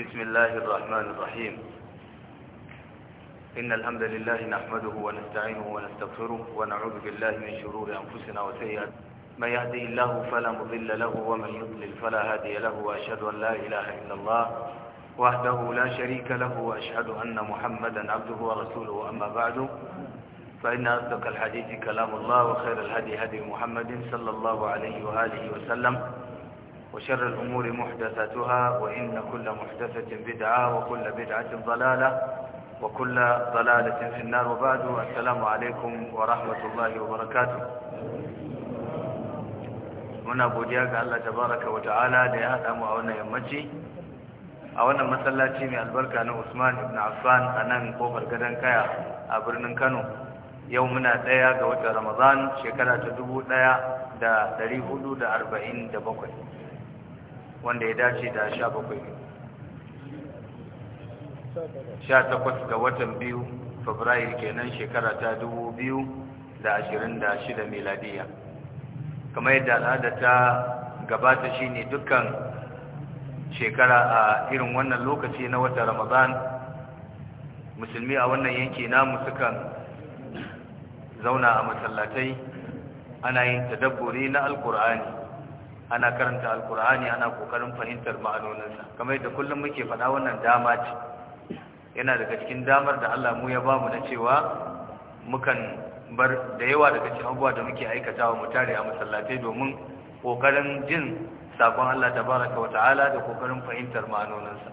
بسم الله الرحمن الرحيم إن الحمد لله نحمده ونستعينه ونستغفره ونعوذ بالله من شرور أنفسنا وسيئات من يهدي الله فلا مضل له ومن يضلل فلا هادي له وأشهد أن لا إله إلا الله وحده لا شريك له وأشهد أن محمدا عبده ورسوله أما بعد فإن أصدق الحديث كلام الله وخير الهدي هدي محمد صلى الله عليه وآله وسلم وشر الأمور محدثاتها وإن كل محدثة بدعة وكل بدعة ضلالة وكل ضلالة في النار وبعد السلام عليكم ورحمة الله وبركاته muna godiya ga Allah tabaraka wa ta'ala da ya haɗa mu a wannan yammaci a wannan masallaci mai albarka na Usman ibn Affan a nan kofar gadon kaya a birnin Kano yau muna ɗaya ga watan Ramadan shekara ta dubu ɗaya da ɗari hudu da da wanda ya dace da sha bakwai sha takwas ga watan biyu fabrairu kenan shekara ta dubu biyu da ashirin da shida meladiya kamar yadda al'ada ta gabata shi ne dukkan shekara a irin wannan lokaci na wata ramadan musulmi a wannan yanki namu sukan zauna a masallatai ana yin tadabburi na alkur'ani ana karanta alkur'ani ana kokarin fahimtar ma'anoninsa kamar yadda kullum muke faɗa wannan dama ce yana daga cikin damar da Allah mu ya ba mu na cewa mukan bar da yawa daga cikin abubuwa da muke aikatawa mu tare a masallatai domin kokarin jin sakon Allah tabaraka wa ta'ala da kokarin fahimtar ma'anoninsa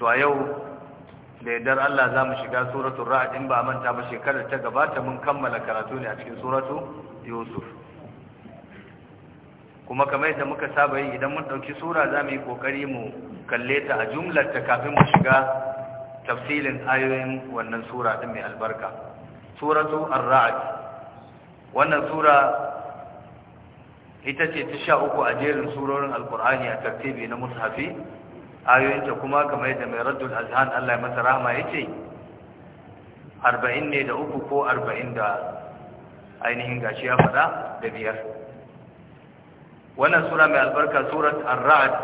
to a yau da dar Allah za mu shiga suratul ra'd in ba manta ba shekarar ta gabata mun kammala karatu ne a cikin suratu yusuf kuma kamar yadda muka saba yi idan mun ɗauki sura za mu yi kokari mu kalle ta a jumlar ta kafin mu shiga tafsilin ayoyin wannan sura ɗin mai albarka sura su rad wannan sura ita ce ta sha uku a jerin surorin alƙur'ani a tartibi na mushafi ayoyinta kuma kamar yadda mai raddul azhan Allah ya masa rahama ce arba'in ne da uku ko arba'in da ainihin gashi ya faɗa da biyar wannan sura mai albarka surat ar-ra'd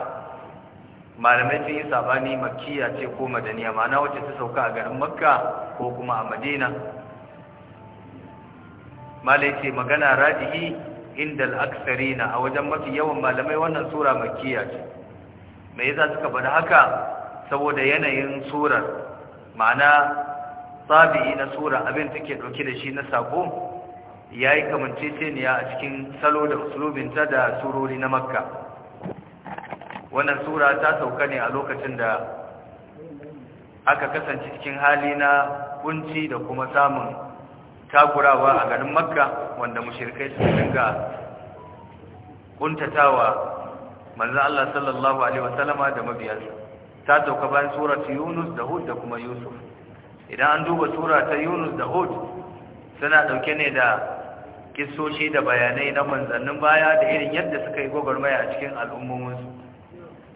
malamai sun yi sabani makkiya ce ko madaniya ma'ana wacce ta sauka a garin makka ko kuma a madina malai ce magana rajihi inda al-aksarina a wajen mafi yawan malamai wannan sura makkiya ce me yasa suka bada haka saboda yanayin surar ma'ana tsabi na sura abin take dauke da shi na sako yayi kamanceceniya a cikin salo da uslubinta da surori na makka wannan sura ta sauka ne a lokacin da aka kasance cikin hali na kunci da kuma samun takurawa a garin makka wanda mushirikai su dinga kuntatawa manzo Allah sallallahu alaihi wasallama da mabiyansa ta sauka bayan ta Yunus da Hud da kuma Yusuf idan an duba sura ta Yunus da Hud suna ɗauke ne da kisoshi da bayanai na manzannin baya da irin yadda suka yi gwagwarmaya a cikin al'ummominsu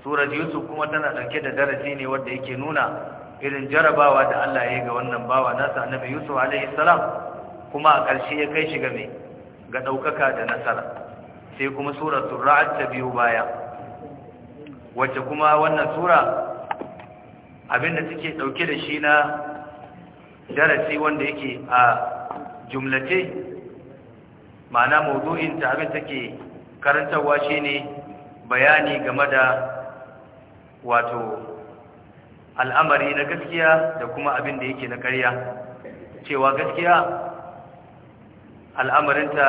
surat yusuf kuma tana ɗauke da darasi ne wanda yake nuna irin jarabawa da allah ya ga wannan bawa nasa annabi yusuf alaihi kuma a ƙarshe ya kai shi game ga ɗaukaka da nasara sai kuma suratul ra'ad ta biyu baya wacce kuma wannan sura abinda take ɗauke da shi na darasi wanda yake a jumlace ma'ana mawdu'in ta abin take karantarwa shine bayani game da wato al'amari na gaskiya da kuma abin da yake na karya cewa gaskiya al'amarinta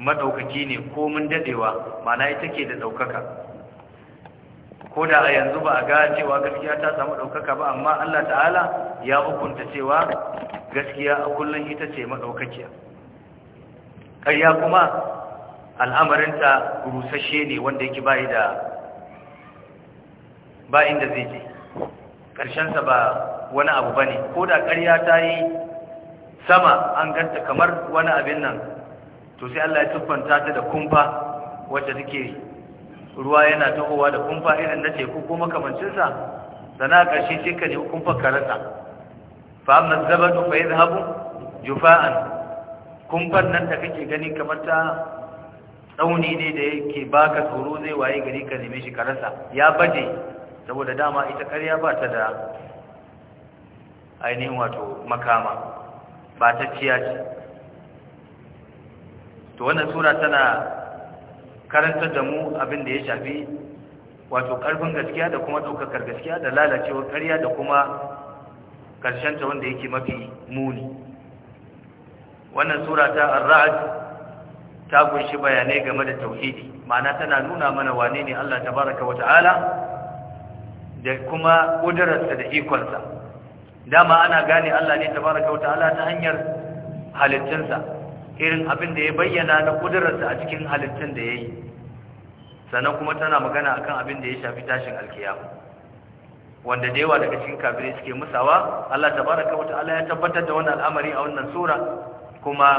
madaukaki ne ko mun daɗewa ma'ana ita ke da ɗaukaka ko da a yanzu ba a ga cewa gaskiya ta samu ɗaukaka ba amma Allah ta'ala ya hukunta cewa gaskiya a kullum ita ce madaukakiya ƙarya kuma al'amarinta rusashe ne wanda yake bayi da ba inda zai je ƙarshensa ba wani abu ba ne ko da ƙarya ta yi sama an ganta kamar wani abin nan to sai Allah ya tuffanta ta da kumfa wacce take ruwa yana tahowa da kumfa irin na teku ko makamancinsa sana ƙarshe sai ka ne kumfa ka rasa fa amma zabadu fa yadhhabu jufa'an kumfan nan da kake gani kamar ta tsauni ne da yake baka tsoro zai waye gari ka neme shi karasa ya baje saboda dama ita karya ba ta da ainihin wato makama ba ta ciya ce to wannan sura tana karantar da mu abin da ya shafi wato karfin gaskiya da kuma ɗaukakar gaskiya da lalacewar karya da kuma karshenta wanda yake mafi muni wannan sura ta ar-ra'd ta kunshi bayanai game da tauhidi ma'ana tana nuna mana wane ne Allah tabaraka wa ta'ala da kuma kudararsa da ikonsa dama ana gane Allah ne tabaraka wa ta'ala ta hanyar halittunsa irin abin da ya bayyana na kudararsa a cikin halittun da yayi sannan kuma tana magana akan abin da ya shafi tashin alkiyama wanda da yawa daga cikin kafirai suke musawa Allah tabaraka wa ta'ala ya tabbatar da wannan al'amari a wannan sura kuma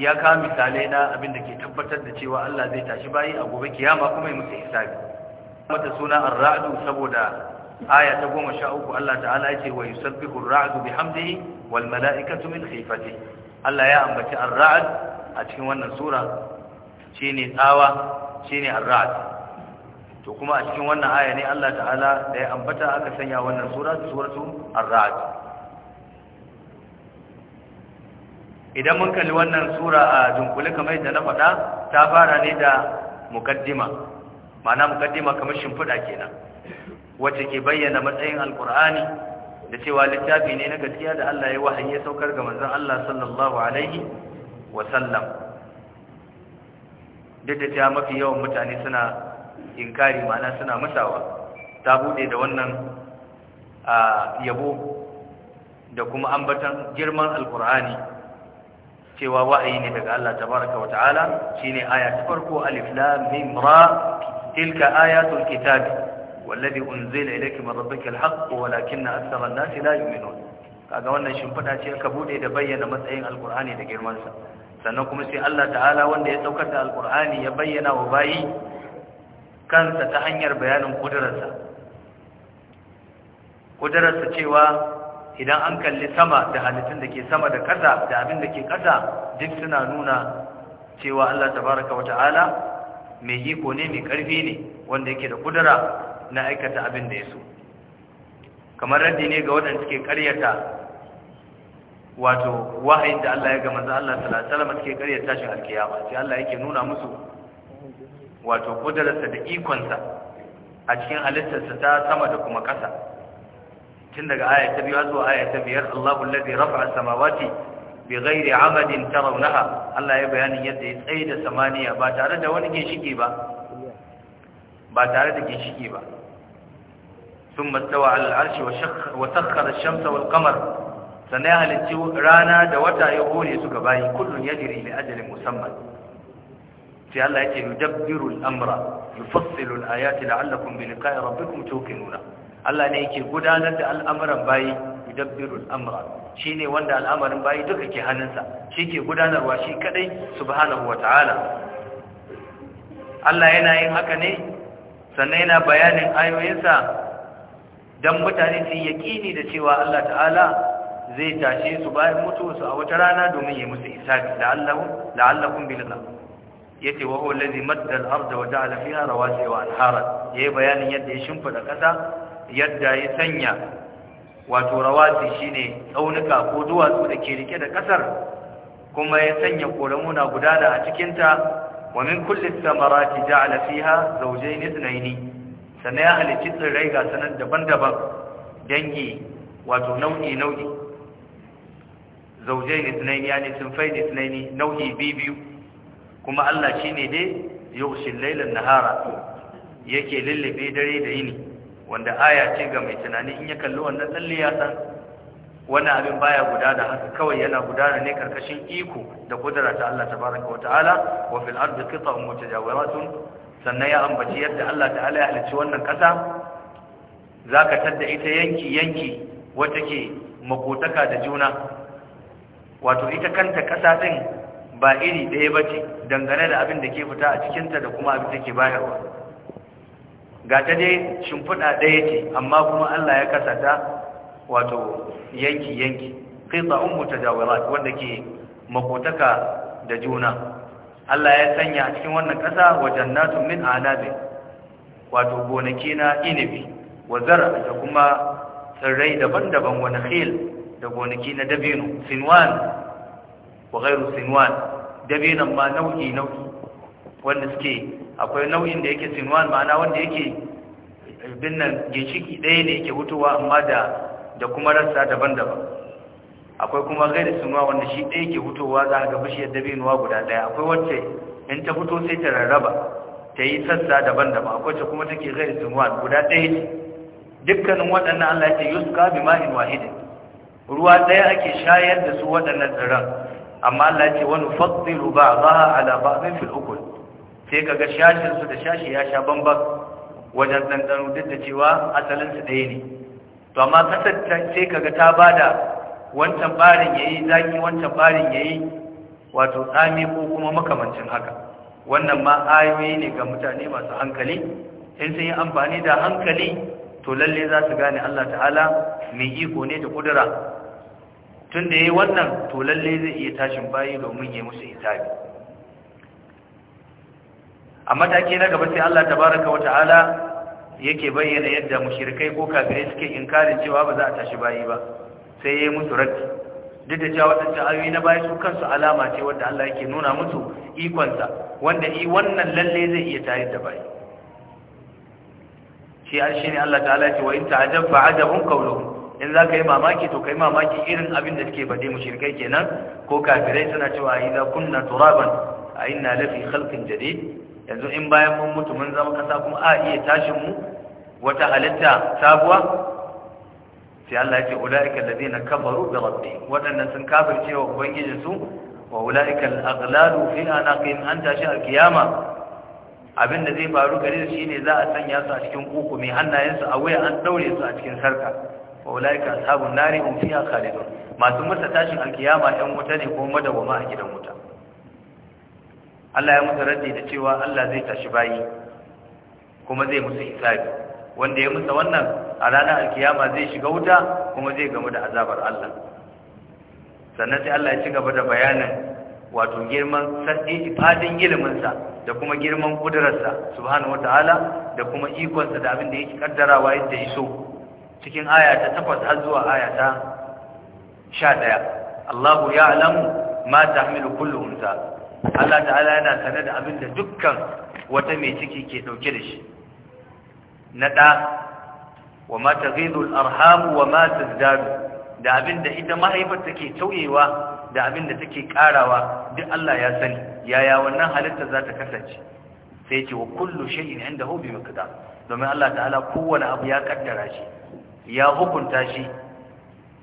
ya kawo misalai na abin da ke tabbatar da cewa Allah zai tashi bayi a gobe kiyama kuma ya musu hisabi mata suna ar-ra'du saboda aya ta 13 Allah ta'ala ya ce wa yusabbihu ar-ra'du bihamdihi wal mala'ikatu min khifatihi Allah ya ambaci ar-ra'd a cikin wannan sura shine tsawa shine ar-ra'd to kuma a cikin wannan aya ne Allah ta'ala da ya ambata aka sanya wannan sura suratu ar-ra'd idan mun kalli wannan sura a dunkule kamar yadda na faɗa ta fara ne da mukaddima ma'ana mukaddima kamar shimfiɗa kenan wacce ke bayyana matsayin alkur'ani da cewa littafi ne na gaskiya da Allah ya wahayi ya saukar ga manzon Allah sallallahu alaihi wa sallam duk da cewa mafi yawan mutane suna inkari ma'ana suna masawa ta bude da wannan yabo da kuma ambatan girman alkur'ani cewa wa'ayi ne daga Allah tabaraka wa ta'ala shine aya ta farko alif lam mim ra tilka ayatul kitab wallazi unzila ilayka min rabbikal haqq walakinna aktharan nasi la yu'minun kaga wannan shimfida ce aka bude da bayyana matsayin alqur'ani da girman sa sannan kuma sai Allah ta'ala wanda ya saukar da alqur'ani ya bayyana wa bayi kansa ta hanyar bayanin kudurarsa cewa idan an kalli sama da halittun da ke sama da ƙasa da abin da ke ƙasa duk suna nuna cewa Allah tabaraka wa ta'ala mai iko ne mai karfi ne wanda yake da kudura na aikata abin da ya so kamar raddi ne ga waɗanda suke ƙaryata wato wahayin da Allah ya ga manzo Allah sallallahu alaihi wasallam suke karyata shi alkiyama sai Allah yake nuna musu wato kudurarsa da ikonsa a cikin halittarsa ta sama da kuma ƙasa tun daga aya ta biyu zuwa aya ta biyar Allahu allazi rafa'a samawati bighairi 'amadin tarawnaha Allah ya bayanin yadda ya tsaye samaniya ba tare da wani ginshiki ba ba tare da ginshiki ba ثم استوى على العرش وشخ وسخر الشمس والقمر sannan halicci rana da wata ya hore su gabayi kullun yajri li ajalin musamman sai Allah yake yudabbiru al-amra yufassilu al-ayati la'allakum bi liqa'i rabbikum tuqinuna Allah ne yake gudanar da al'amuran bayi yudabbiru shi ne wanda al'amarin bayi duka ke hannunsa shi ke gudanarwa shi kadai subhanahu ta'ala. Allah yana yin haka ne sannan yana bayanin ayoyinsa don mutane su yaƙini da cewa Allah ta'ala zai tashe su bayan mutuwarsu a wata rana domin ya musu isabi la'allahu la'allakum billah yace wa huwa allazi madda wa ja'ala fiha rawasiya bayanin yadda ya shimfida ƙasa. yadda ya sanya wato rawasi shine tsaunuka ko duwatsu da ke rike da kasar kuma ya sanya koramuna gudana a cikinta wa min kulli samarati ja'ala fiha zawjayn ithnayn sannan ya halicci tsirrai ga sanan daban-daban dangi wato nau'i nau'i zawjayn ithnayn yani ni ithnayn nau'i biyu kuma Allah shine dai yughshil layla an-nahara yake lillabe dare da yini wanda aya ce ga mai tunani in ya kalli wannan tsalle ya san wannan abin baya guda da haka kawai yana gudana ne karkashin iko da kudura ta Allah tabaraka wataala wa fil ardi qita'un mutajawiratun sannan ya ambaci yadda Allah ta'ala ya halicci wannan kasa zaka tadda ita yanki yanki wata ke makotaka da juna wato ita kanta kasa din ba iri daya bace dangane da abin da ke fita a cikinta da kuma abin da ke bayarwa ga ta dai shimfiɗa ɗaya ce amma kuma Allah ya kasa ta wato yanki yanki kai tsa'un mutajawirat wanda ke makotaka da juna Allah ya sanya a cikin wannan ƙasa wajen jannatun min anabi wato gonaki na inibi wa zara da kuma tsirrai daban-daban wani khil da gonaki na dabino sinwan wa gairu sinwan dabinan ma nau'i nau'i wanda suke akwai nau'in da yake sinuwan ma'ana wanda yake eh, binnan ginshiki ɗaya ne yake hutuwa, amma da da kuma rassa daban-daban akwai kuma gairi sinuwa wanda shi ɗaya yake hutuwa za a ga bishiyar binuwa guda ɗaya akwai wacce in ta fito sai ta rarraba ta yi sassa daban-daban akwai ta kuma take gairi sinuwa guda ɗaya ce dukkanin waɗannan Allah ya ce yuska bi ma'in wahid ruwa ɗaya ake shayar da su waɗannan tsaron, amma Allah ya ce wani fadilu ba'daha ala ba'din fil ukul sai kaga shashin da shashi ya sha bambam wajen ɗanɗano duk da cewa asalin su ɗaya ne to amma kasar sai kaga ta bada wancan barin yayi zaki wancan barin yayi wato tsami ko kuma makamancin haka wannan ma ayoyi ne ga mutane masu hankali in sun yi amfani da hankali to lalle za su gane Allah ta'ala mai iko ne da kudura tun da ya yi wannan to lalle zai iya tashin bayi domin ya musu hisabi a mataki na gaba sai Allah tabaraka ta'ala yake bayyana yadda mushrikai ko kafirai suke inkarin cewa ba za a tashi bayi ba sai yayi musu raddi duk da cewa wadannan ayoyi na bayi su kansu alama ce wanda Allah yake nuna musu ikonsa wanda i wannan lalle zai iya tayar da bayi shi an ne Allah ta'ala ya ce wa in ta'ajab ajabun qawluhum in za ka yi mamaki to ka yi mamaki irin abin da suke faɗi mushrikai kenan ko kafirai suna cewa a idan kunna turaban a inna lafi khalqin jadid yanzu in bayan mun mutu mun zama kasa kuma a iya tashin mu wata halitta sabuwa sai Allah ya ce ulaika alladhina kafaru bi rabbi wadannan sun kafirce wa ubangijin su wa ulaika al-aghlalu fi anaqin an tashi al-qiyama abinda zai faru gare shi shine za a sanya su a cikin kuku mai hannayensu a waya an daure su a cikin sarka wa ulaika ashabun nari hum fiha khalidun masu masa tashin al-qiyama ɗan wuta ne ko madawama a gidan wuta Allah ya musu raddi da cewa Allah zai tashi bayi kuma zai musu hisabi wanda ya musa wannan a ranar alkiyama zai shiga wuta kuma zai gamu da azabar Allah sannan sai Allah ya ci gaba da bayanin wato girman sarki fadin iliminsa da kuma girman kudurarsa subhanahu wataala da kuma ikonsa da abin da yake kaddarawa yadda ya so cikin aya ta 8 har zuwa aya ta 11 Allahu ya'lamu ma tahmilu kullu unsa Allah ta'ala yana sanar da abin da dukkan wata mai ciki ke dauke da shi na ɗa wa mata taghidu al-arham wa mata tazdadu da abin da ita mahaifar take tauyewa da abin da take ƙarawa, duk Allah ya sani yaya wannan halitta za ta kasance sai ce wa kullu inda indahu mai miqdar domin Allah ta'ala kowane abu ya kaddara shi ya hukunta shi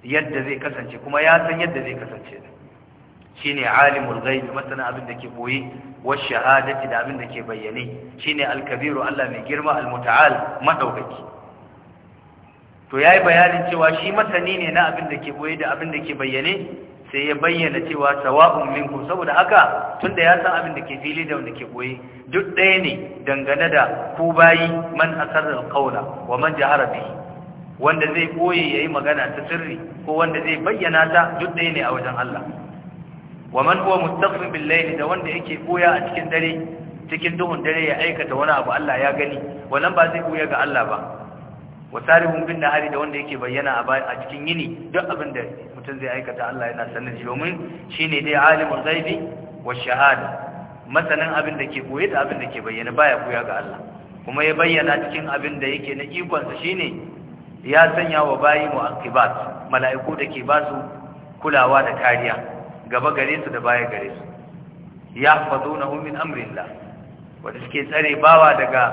yadda zai kasance kuma ya san yadda zai kasance shine alimul ghaib masana abin da ke boye wa shahadati da abin da ke bayyane Shi ne Alkabiru Allah mai girma al-muta'al madaukaki to yayi bayanin cewa shi masani ne na abin da ke boye da abin da ke bayyane sai ya bayyana cewa sawa'un minkum saboda haka tunda ya san abin da ke fili da wanda ke boye duk ɗaya ne dangane da ku bayi man asarra al wa man jahara bihi wanda zai boye yayi magana ta sirri ko wanda zai bayyana ta duk ɗaya ne a wajen Allah wa man huwa mustaghfir bil layli da wanda yake koya a cikin dare cikin duhun dare ya aikata wani abu Allah ya gani wannan ba zai koya ga Allah ba wa sarihun bin nahari da wanda yake bayyana a cikin yini duk abin da mutum zai aikata Allah yana sanin shi domin shine dai alimul ghaibi wash shahada masanin abin da ke boye da abin da ke bayyana baya koya ga Allah kuma ya bayyana cikin abin da yake na ikonsa shine ya sanya wa bayi mu'aqibat mala'iku da ke basu kulawa da kariya gaba gare su da baya gare su Ya yahfazunahu min amrillah wanda suke tsare bawa daga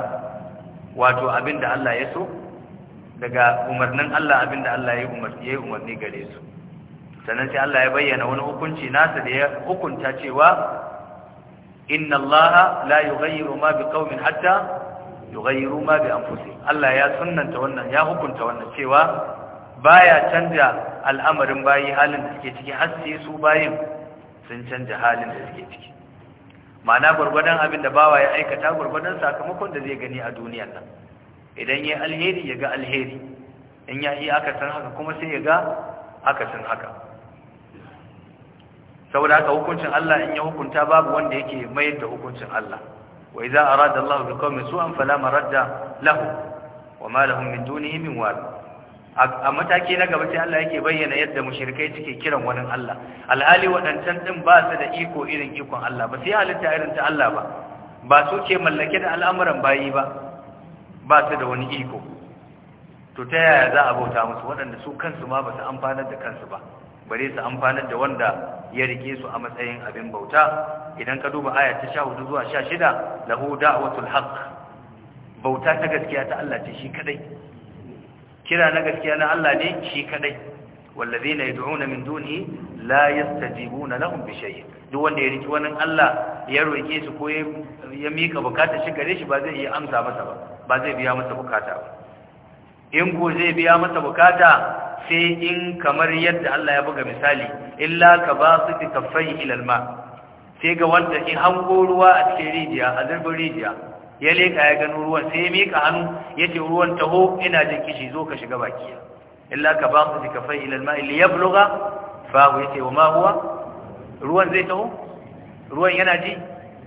wato abinda Allah ya so daga umarnin Allah abinda Allah ya umarni ya umarni gare su sannan sai Allah ya bayyana wani hukunci nasa da ya hukunta cewa inna Allah la yughayyiru ma biqaumin hatta yughayyiru ma bi anfusihim Allah ya sunnanta wannan ya hukunta wannan cewa baya canja al'amarin bayi halin da suke ciki har sai su bayin sun canja halin da suke ciki ma'ana gurgurdan abin da bawa ya aikata gurgurdan sakamakon da zai gani a duniyar nan idan ya alheri ya ga alheri in ya yi aka san haka kuma sai ya ga aka san haka saboda haka hukuncin Allah in ya hukunta babu wanda yake mayar da hukuncin Allah wa idza arada Allahu bi qaumin su'an fala maradda lahu wa ma lahum min dunihi min wal a mataki na gaba sai Allah yake bayyana yadda mushrikai suke kiran wani Allah alhali waɗancan din ba su da iko irin ikon Allah ba sai halitta irin ta Allah ba ba su ke mallake da al'amuran bayi ba ba su da wani iko to ta yaya za a bauta musu waɗanda su kansu ma ba su amfanar da kansu ba bare su amfanar da wanda ya rike su a matsayin abin bauta idan ka duba aya ta 14 zuwa 16 lahu da'watul haqq bauta ta gaskiya ta Allah ce shi kadai kira na gaskiya na Allah ne shi kadai wallazina yad'una min duni la yastajibuna lahum bi shay duk wanda ya riki wani Allah ya roke su ko ya mika bukata shi gare shi ba zai iya amsa masa ba ba zai biya masa bukata ba in ko zai biya masa bukata sai in kamar yadda Allah ya buga misali illa ka basu kaffai ila alma sai ga wanda in hango ruwa a cikin rijiya a zurbin rijiya ya leka ya gano ruwan sai ya mika hannu ya ce ruwan taho ina jin kishi zo ka shiga bakiya illa ka ba su fai ilal ma'i ya yabluga fahu ya ce wa ma huwa ruwan zai taho ruwan yana ji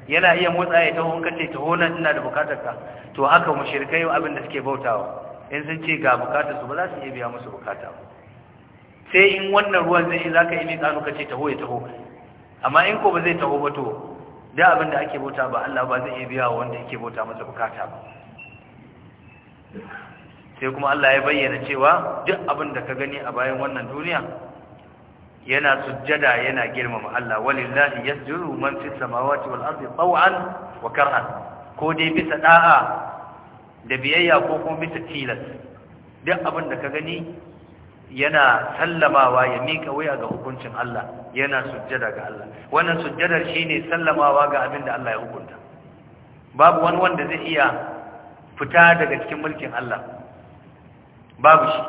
yana iya motsa ya taho in ka ce taho nan ina da bukatar ka to haka mu mushrikai abin da suke bautawa in sun ce ga bukatar su ba za su iya biya musu bukata sai in wannan ruwan zai yi zaka yi mika hannu ka ce taho ya taho amma in ko ba zai taho ba to da abin da ake bauta ba Allah ba zai iya biya wanda yake bauta masa bukata ba sai kuma Allah ya bayyana cewa duk abin da ka gani a bayan wannan duniya yana sujjada yana girmama Allah walillahi yasjudu man fis samawati wal ardi taw'an wa karhan ko dai bisa da'a da biyayya ko kuma bisa tilas duk abin da ka gani yana sallamawa ya mika waya ga hukuncin Allah yana sujjada ga Allah wannan sujjadar shine sallamawa ga abin da Allah ya hukunta babu wani wanda zai iya fita daga cikin mulkin Allah babu shi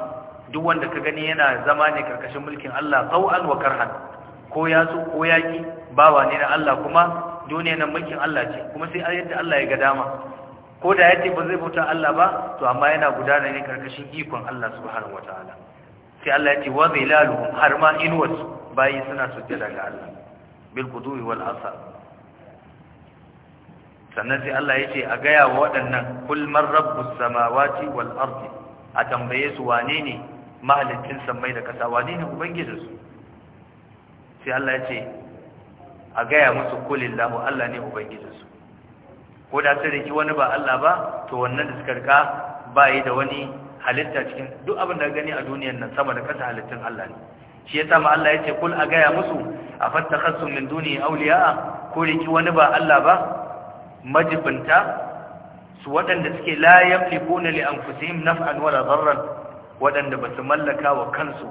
duk wanda ka gani yana zama ne karkashin mulkin Allah tau'an wa karhan ko ya zo ko yaki bawa ne na Allah kuma duniya nan mulkin Allah ce kuma sai yadda Allah ya ga dama ko da yace ba zai bauta Allah ba to amma yana gudana ne karkashin ikon Allah subhanahu wataala sai Allah ya ce wa zilaluhum har ma inwas bayi suna sujjada ga Allah bil qudwi wal asar sannan sai Allah ya ce a gaya wa waɗannan kul man rabbus samawati wal ardi a tambaye su wane ne mahalicin sammai da ƙasa wane ne su? sai Allah ya ce a gaya musu kulillahu Allah ne su. ko da sai da ki wani ba Allah ba to wannan da suka rika ba yi da wani halitta cikin duk abin da gani a duniyar nan sama da kasa halittun Allah ne shi ya ma Allah ce kul a gaya musu afattakhasum min duni a ko riki wani ba Allah ba majibinta su waɗanda suke la yamlikuna li anfusihim naf'an wala zarran waɗanda ba su mallaka wa kansu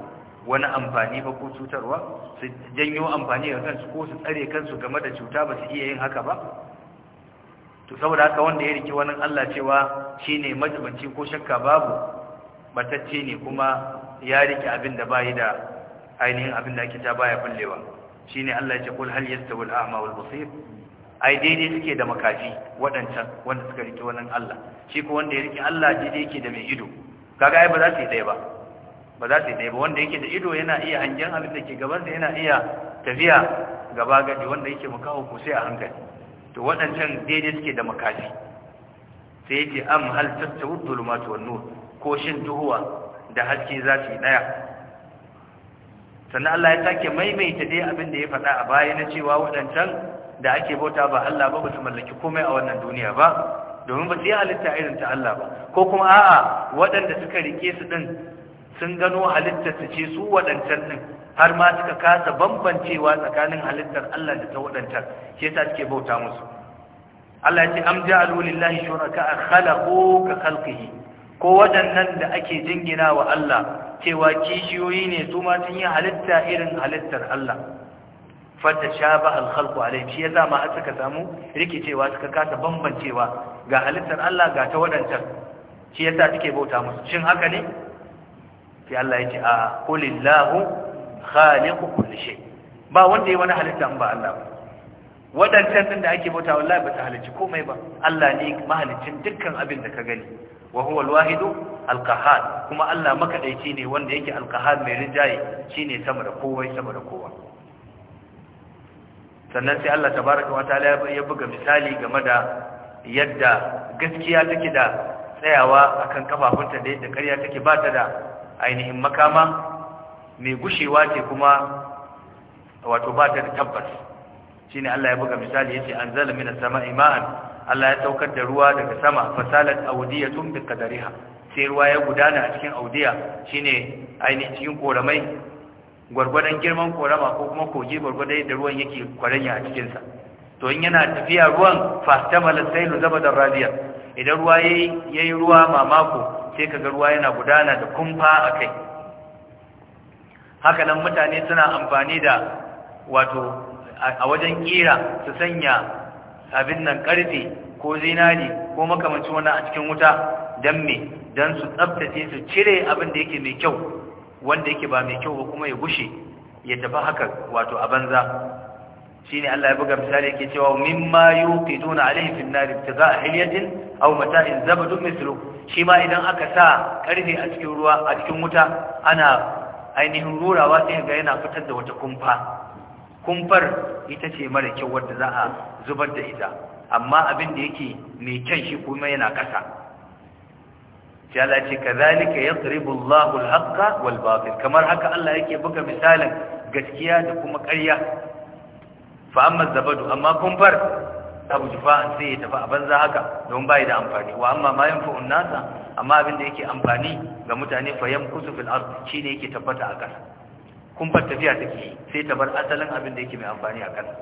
wani amfani ba ko cutarwa su janyo amfani ga kansu ko su tsare kansu game da cuta ba su iya yin haka ba to saboda haka wanda ya riki wani Allah cewa shine majibanci ko shakka babu batacce ne kuma ya rike abin da bayi da ainihin abin da ake ta baya kullewa shine Allah ya ce kul hal yastawi al a'ma wal basir ai daidai suke da makafi wadancan wanda suka rike wannan Allah shi ko wanda ya rike Allah daidai yake da mai ido kaga ai ba za su yi dai ba ba za su yi dai ba wanda yake da ido yana iya hangen abin da ke gaban sa yana iya tafiya gaba gadi wanda yake makaho ko sai a hankali to wadancan daidai suke da makafi sai yake am hal tastawi dhulumatu wan nur ko shin duhuwa da haske za su yi ɗaya sannan Allah ya take maimaita dai abin da ya faɗa a baya na cewa waɗancan da ake bauta ba Allah ba ba su mallaki komai a wannan duniya ba domin ba su yi halitta irin ta Allah ba ko kuma a'a waɗanda suka rike su ɗin sun gano halittar su ce su waɗancan ɗin har ma suka kasa bambancewa tsakanin halittar Allah da ta waɗancan shi yasa suke bauta musu Allah ya ce am ja'alu lillahi shuraka khalaqu ka khalqihi ko waɗannan da ake jingina wa Allah cewa kishiyoyi ne su ma sun yi halitta irin halittar Allah fata shaba a alayhi shi yasa ma suka samu rikicewa suka kasa bambancewa ga halittar Allah ga ta waɗancan shi yasa suke bauta musu shin haka ne fi Allah ya ce a kulillahu khaliqu kulli shay ba wanda ya wani halitta ba Allah ba waɗancan din da ake bauta wallahi ba ta halicci komai ba Allah ne mahalicci dukkan abin da ka gani wa huwa alwahidu kuma Allah makadaici ne wanda yake alqahar mai rijayi shine sama da kowa sama da kowa sannan sai Allah tabaaraka wa ta'ala ya buga misali game da yadda gaskiya take da tsayawa akan kafafunta da yadda ƙarya take ba ta da ainihin makama mai gushewa ce kuma wato ba ta da tabbas shine Allah ya buga misali yace anzala minas sama'i ma'an Allah ya saukar da ruwa daga sama fasalat awdiyatun bi qadariha sai ruwa ya gudana a cikin audiya shine ainihin cikin koramai gwargwadon girman korama ko kuma kogi gwargwadon da ruwan yake kwaranya a cikin sa to in yana tafiya ruwan fastamala sailu zabadar radiya idan ruwa yayi yayi ruwa mamako sai kaga ruwa yana gudana da kumfa akai haka nan mutane suna amfani da wato a wajen kira su sanya abin nan karfe ko zinari ko makamancin wani a cikin wuta don me don su tsabtace su cire abin da yake mai kyau wanda yake ba mai kyau ba kuma ya gushe ya tafi haka wato a banza ne Allah ya buga misali yake cewa mimma yuqiduna alayhi fi an-nar a hilyatin aw mata'in zabadun mithlu shi ma idan aka sa ƙarfe a cikin ruwa a cikin wuta ana ainihin rurawa sai ga yana fitar da wata kumfa kumfar ita ce mara kyau wadda za a zubar da ita amma abin da yake mai kyan shi kuma yana ƙasa sai Allah ce kazalika yadribu Allahu al-haqqa wal batil kamar haka Allah yake buga misalin gaskiya da kuma ƙarya fa amma zabadu amma kumfar abu jufa'an sai ya tafi a banza haka don bai da amfani wa amma ma yanfa'un nasa amma abin da yake amfani ga mutane fa yamkusu fil ard shine yake tabbata a ƙasa kumfar tafiya take sai ta bar asalin abin da yake mai amfani a kansa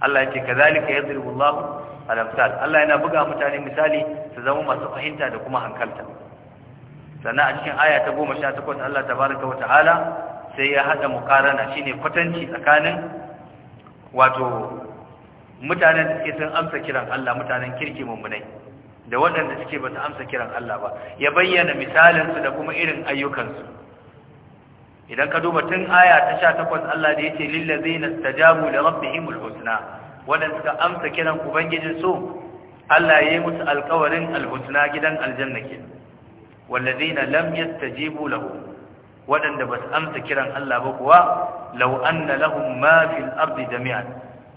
Allah yake kazalika yadribu Allah al-amsal Allah yana buga mutane misali su zama masu fahimta da kuma hankalta sannan a cikin aya ta 18 Allah tabaraka wa ta'ala sai ya hada muqarana shine kwatanci tsakanin wato mutanen da suke sun amsa kiran Allah mutanen kirki mummunai da waɗanda suke ba su amsa kiran Allah ba ya bayyana misalinsu da kuma irin ayyukansu idan ka duba tun aya ta 18 Allah da yace lil ladzina istajabu li rabbihimul husna wadanda suka amsa kiran ubangijin su Allah yayi musu alƙawarin alhusna gidan aljanna ke walladzina lam yastajibu lahu wadanda basu amsa kiran Allah ba kuwa law anna lahum ma fil ardi jami'an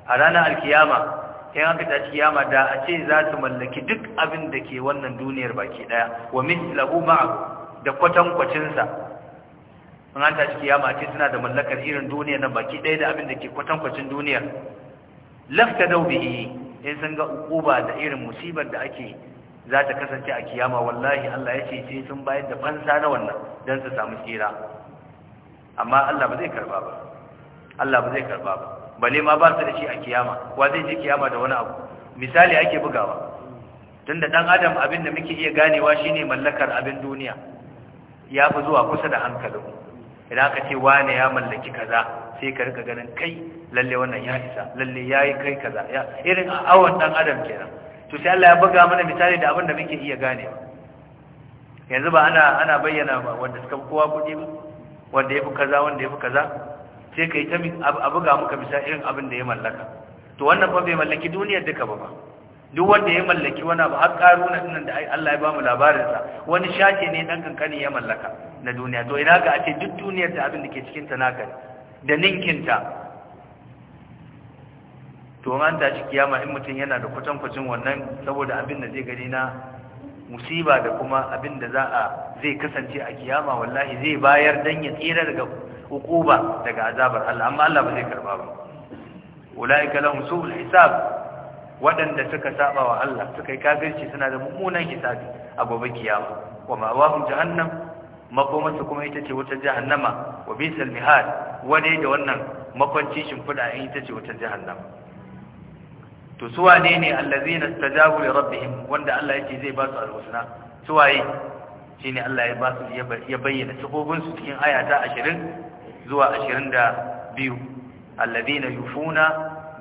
a ranar alkiyama 'yan aka tashi kiyama da a ce za su mallaki duk abin da ke wannan duniyar baki daya wa mislahu ma'ahu da kwatankwacinsa sun an tashi kiyama ce suna da mallakar irin duniya na baki ɗaya da abin da ke kwatankwacin duniya lafta da bihi in sun ga uba da irin musibar da ake za ta kasance a kiyama wallahi Allah ya ce sai sun bayar da fansa na wannan don su samu tsira amma Allah ba zai karba ba Allah ba zai karba ba bale ma ba su da shi a kiyama wa zai je kiyama da wani abu misali ake bugawa tunda ɗan adam abin da muke iya ganewa shine mallakar abin duniya ya fi zuwa kusa da hankalin idan aka ce wane ya mallaki kaza sai ka rika ganin kai lalle wannan ya isa lalle ya yi kai kaza ya irin awon dan adam kenan to sai Allah ya buga mana misali da abin da muke iya ba. yanzu ba ana ana bayyana ba wanda suka kowa kudi ba wanda yafi kaza wanda yafi kaza sai kai ta a buga muka misali irin abin da ya mallaka to wannan fa bai mallaki duniyar duka ba ba duk wanda ya mallaki wani abu har karuna dinnan da Allah ya mu labarin sa wani shake ne dan kankani ya mallaka na duniya to ina ga a ce duk duniyar da abin da ke cikin ta naka da ninkinta to an tashi kiyama in mutum yana da kwatankwacin wannan saboda abin da zai gani na musiba da kuma abin da za a zai kasance a kiyama wallahi zai bayar dan ya tsira daga hukuba daga azabar Allah amma Allah ba zai karba ba ulaika lahum su'ul hisab waɗanda suka saba wa Allah suka yi kafirci suna da mummunan hisabi a gobe kiyama wa ma'awahum jahannam makomarsa kuma ita ce wata jahannama wa bisal mihad wane da wannan makwanci shimfiɗa in ita ce wata jahannama to su wane ne allazina istajabu li rabbihim wanda Allah yake zai ba su alhusna su waye shine Allah ya ba su ya bayyana sifofin su cikin aya ta 20 zuwa 22 allazina yufuna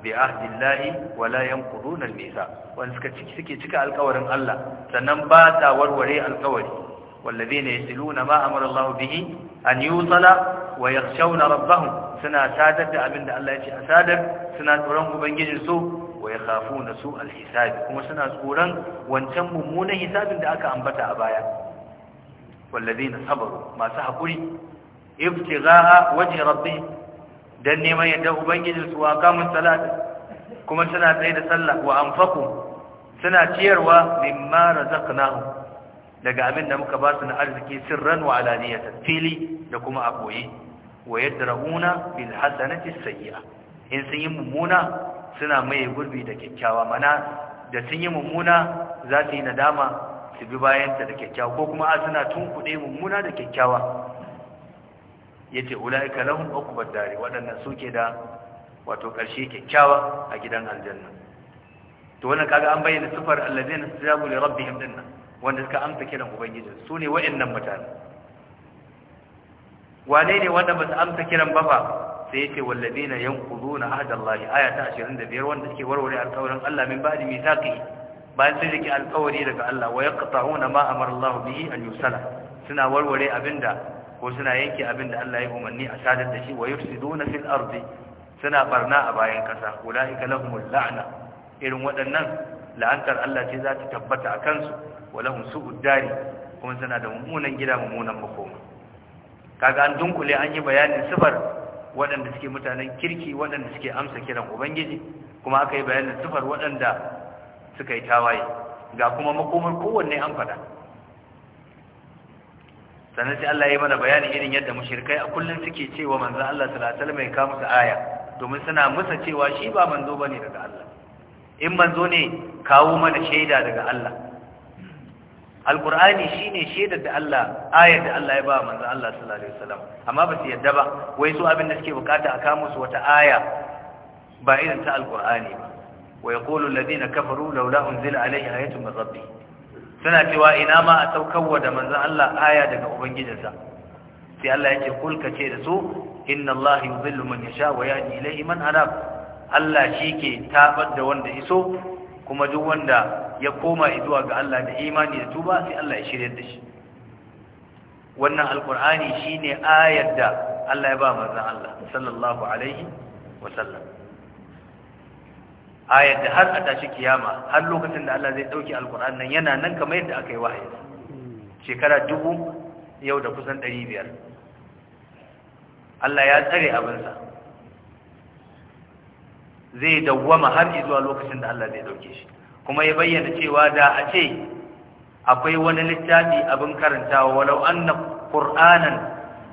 bi ahdillahi wa la yanquduna al-misa wanda suka suke cika alƙawarin Allah sannan ba ta warware alƙawari والذين يسلون ما أمر الله به أن يوصل ويخشون ربهم سنة سادت أبن الله يتي أسادر سنة أرنه بنجي سوء ويخافون سوء الحساب كما سنة أرن وانتم مون حساب دعك أنبت أبايا والذين صبروا ما سحقري ابتغاء وجه ربهم dan neman yadda ubangijinsu wa kamun salata kuma suna tsaye da sallah wa anfaqu suna ciyarwa mimma razaqnahum daga abin da muka ba su na arziki sirran wa ya fili da kuma a koyi wa yadrauna bil hasanati sayyi'a in sun yi mummuna suna maye gurbi da kyakkyawa mana da sun yi mummuna za su yi nadama su bi bayanta da kyakkyawa ko kuma a suna kuɗi, mummuna da kyakkyawa yace ulaika lahum uqbad dari waɗannan suke da wato ƙarshe kyakkyawa a gidan aljanna to wannan kaga an bayyana sifar alladhina istajabu li rabbihim dinnan wanda suka amsa kiran ubangiji su ne wa'annan mutane wane ne wanda ba su amsa kiran ba ba sai yace wallazina yanquduna ahdallahi ayata 25 wanda suke warware alƙawarin Allah min ba'di mithaqi bayan sun rike alƙawari daga Allah wa yaqta'una ma amara Allah bihi an yusala suna warware abinda ko suna yanke abinda Allah ya umarni a sadar da shi wa yufsiduna fil ardi suna barna a bayan kasa ulaika lahumul la'na irin waɗannan la'antar Allah ce za ta tabbata a kansu wala su'ud dari kuma suna da mummunan gida mummunan makoma kaga an dunkule an yi bayanin sifar waɗanda suke mutanen kirki waɗanda suke amsa kiran ubangiji kuma aka yi bayanin sifar waɗanda suka yi tawaye ga kuma makomar kowanne an faɗa sannan sai Allah ya mana bayanin irin yadda mushrikai a kullum suke cewa manzo Allah sallallahu alaihi wasallam ya kawo musu aya domin suna musa cewa shi ba manzo bane daga Allah in manzo ne kawo mana shaida daga Allah alqur'ani shine shaidar da Allah ayar da Allah ya ba manzan Allah sallallahu alaihi amma ba su yadda ba wai su abin da suke bukata a kawo su wata aya ba irin ta Alƙur'ani ba Wai yaqulu alladhina kafaru laula unzila alayhi ayatun min suna cewa ina ma a saukarwa da manzan Allah aya daga ubangijinsa sai Allah yake kulka ce da su inna Allah yuzillu man yasha wa yahdi ilayhi man anab Allah shi ke tabar da wanda iso kuma duk wanda ya koma zuwa ga Allah da imani da tuba sai Allah ya shirya da shi wannan alkur'ani shine ayar da Allah ya ba manzon Allah sallallahu alaihi wasallam ayar da har a tashi kiyama har lokacin da Allah zai dauki alkur'an nan yana nan kamar yadda aka yi wahayi shekara dubu yau da kusan 500 Allah ya tsare abinsa zai dawwama har zuwa lokacin da Allah zai dauke shi kuma ya bayyana cewa da a ce akwai wani littafi abin karantawa walau anna qur'anan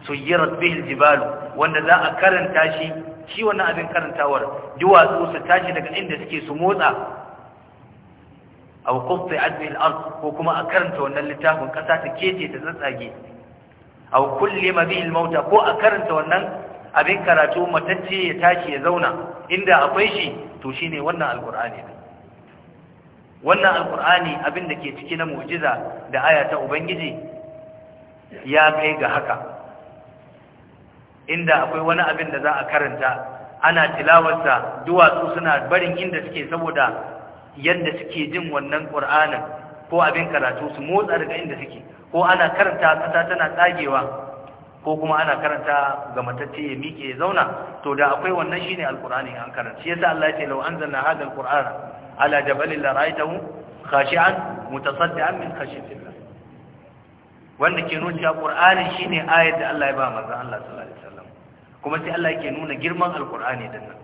suyirat bihi aljibalu wanda za a karanta shi shi wannan abin karantawar duwatsu su tashi daga inda suke su motsa aw qutti'at bihi al-ard ko kuma a karanta wannan littafin kasa ta keje ta tsatsage aw kullima bihi al-mauta ko a karanta wannan abin karatu matacce ya tashi ya zauna inda akwai shi to shine wannan alqur'ani wannan alqur'ani abin da ke ciki na mu'jiza da aya ta ubangiji ya kai ga haka inda akwai wani abin da za a karanta ana tilawarsa duwatsu suna barin inda suke saboda yadda suke jin wannan qur'anin ko abin karatu su motsa daga inda suke ko ana karanta kasa tana tsagewa ko kuma ana karanta ga matacce ya miƙe ya zauna to da akwai wannan shine alqur'ani an karanta shi yasa Allah ya ce law anzalna hadha alqur'ana ala jabalin la ra'aytahu khashi'an mutasaddian min khashyatillah wanda ke nuna cewa qur'ani shine ayat da Allah ya ba manzon Allah sallallahu alaihi wasallam kuma sai Allah yake nuna girman alqur'ani din nan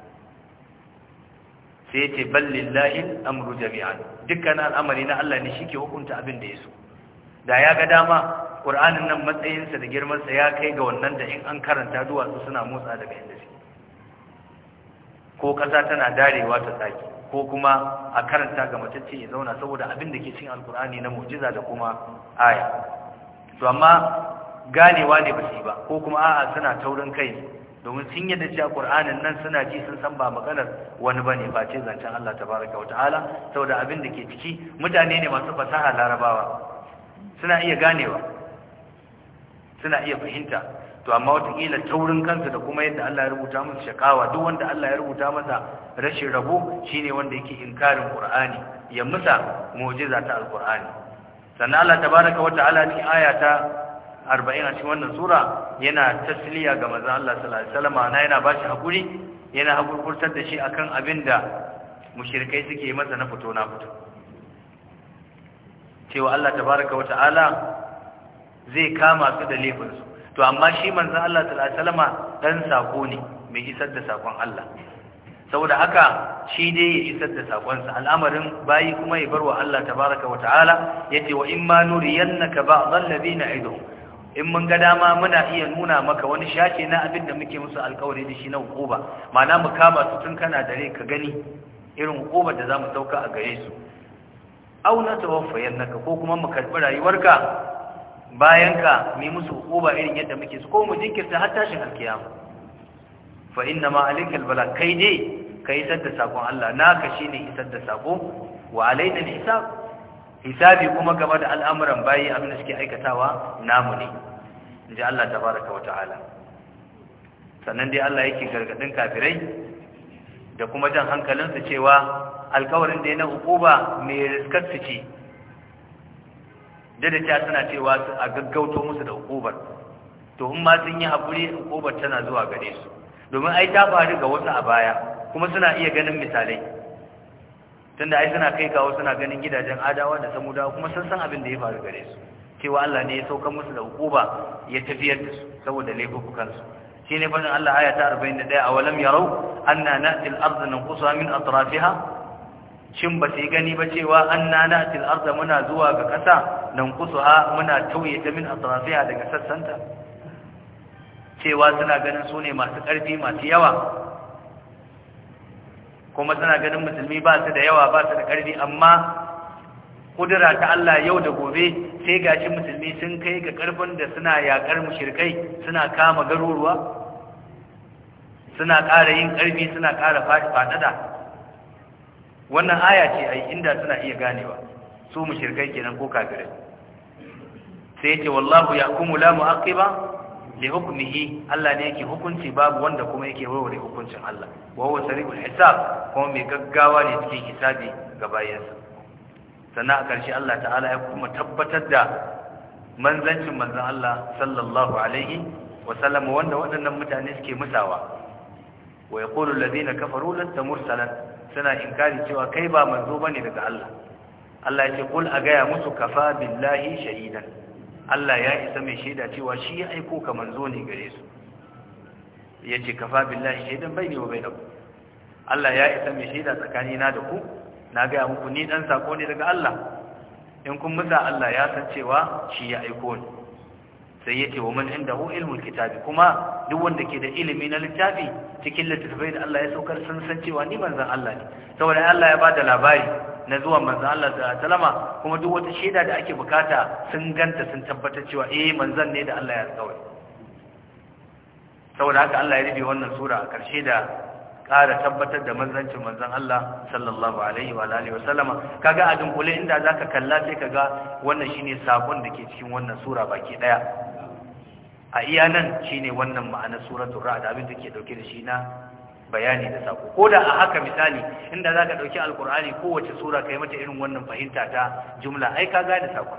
sai yace bal lillahi amru jami'an dukkan al'amari na Allah ne shike hukunta abin da yaso da ya ga dama ƙur'anin nan matsayinsa da girmansa ya kai ga wannan da in an karanta duwatsu suna motsa daga inda shi ko ƙasa tana darewa ta tsaki ko kuma a karanta ga matacce ya zauna saboda abin da ke cin alƙur'ani na mu'jiza da kuma aya to amma ganewa ne ba su ba ko kuma a'a suna taurin kai domin sun yadda cewa ƙur'anin nan suna ji sun san ba maganar wani bane ba ce zancen Allah tabaraka Ta'ala, saboda abin da ke ciki mutane ne masu fasaha larabawa suna iya ganewa suna iya fahimta to amma watakila taurin kansu da kuma yadda Allah ya rubuta musu shakawa duk wanda Allah ya rubuta masa rashin rabo shine wanda yake inkarin Qur'ani ya musa mu'jiza ta Al-Qur'ani sannan Allah tabaraka wa ta'ala cikin ayata 40 a cikin wannan sura yana tasliya ga manzon Allah sallallahu alaihi wasallam ana yana bashi hakuri yana hakurkurtar da shi akan abinda mushrikai suke masa na fito na fito cewa Allah tabaraka wa ta'ala zai kama su da laifinsu to amma shi manzon Allah sallallahu alaihi wasallama dan sako ne mai isar da sakon Allah saboda haka shi dai ya isar da sakonsa al'amarin bayi kuma ya bar wa Allah tabaraka wa ta'ala ce wa imma nuriyannaka ba'dhal ladina ido in mun ga dama muna iya nuna maka wani shake na abin da muke musu alƙawari da shi na hukuba ma'ana mu kama su tun kana dare ka gani irin hukumar da zamu sauka a gare su auna na naka ko kuma mu karbi rayuwarka bayanka mu musu hukuba irin yadda muke su ko mu jinkirta har tashin alkiyama fa inna ma alaikal bala kai dai ka isar da sakon Allah naka shine isar da sako wa alaina hisab hisabi kuma game da al'amuran bayi abin da suke aikatawa namu ne inji Allah tabaraka wa ta'ala sannan dai Allah yake gargadin kafirai da kuma jan hankalinsu cewa alkawarin da ya na hukuba mai riskarsu ce da da ta suna cewa a gaggauto musu da hukubar to in ma sun yi haƙuri hukubar tana zuwa gare su domin ai ta faru ga wasu a baya kuma suna iya ganin misalai tunda ai suna kai kawo suna ganin gidajen adawa da samudawa kuma sun san abin da ya faru gare su cewa Allah ne ya sauka musu da hukuba ya tafiyar da su saboda laifukansu shine fadin Allah aya ta 41 awalam yarau anna na'til nan kusa min atrafiha shin ba su yi gani ba cewa anna na'til arda muna zuwa ga ƙasa? Nan nanqusuha muna tauye ta min atrafiha daga sassanta cewa suna ganin su ne masu ƙarfi masu yawa kuma suna ganin musulmi ba su da yawa ba su da ƙarfi, amma kudura ta Allah yau da gobe sai gashi musulmi sun kai ga karfin da suna yakar mushirkai suna kama garuruwa suna ƙara yin ƙarfi suna ƙara faɗaɗa wannan aya ce ai inda suna iya ganewa su mushirkai kenan ko kafirai sai yace wallahu yahkumu la mu'aqiba li hukmihi Allah ne yake hukunci babu wanda kuma yake warware hukuncin Allah wa huwa sari'ul hisab kuma mai gaggawa ne cikin hisabi ga bayansa sannan a ƙarshe Allah ta'ala ya kuma tabbatar da manzancin manzan Allah sallallahu alaihi wa sallam wanda waɗannan mutane suke musawa wa ya yaqulu alladhina kafaru lan mursalan suna inkari cewa kai ba manzo ba ne daga Allah Allah ya ce kul a gaya musu kafa billahi shahidan Allah ya isa mai shaida cewa shi ya aiko ka manzo ne gare su ce kafa billahi shahidan ne wa bai bainakum Allah ya isa mai shaida tsakanina da ku na gaya muku ni dan sako ne daga Allah in kun muta Allah ya san cewa shi ya aiko ni sai yace wa man hu ilmu kitabi kuma duk wanda ke da ilimi na littafi cikin littafai da Allah ya saukar sun san cewa ni manzon Allah ne saboda Allah ya bada labari na zuwa manzon Allah da salama kuma duk wata shaida da ake bukata sun ganta sun tabbatar cewa eh manzon ne da Allah ya tsawai saboda haka Allah ya rubi wannan sura a karshe da ƙara tabbatar da manzancin manzan Allah sallallahu alaihi wa alihi wa sallama kaga a dunkule inda zaka kalla sai kaga wannan shine sakon da ke cikin wannan sura baki daya a iya nan shine wannan ma'anar suratul ra'd abin da ke dauke da shi na bayani da sako ko da a haka misali inda zaka dauki alqur'ani kowace sura kai mata irin wannan fahimta ta jumla ai kaga da sako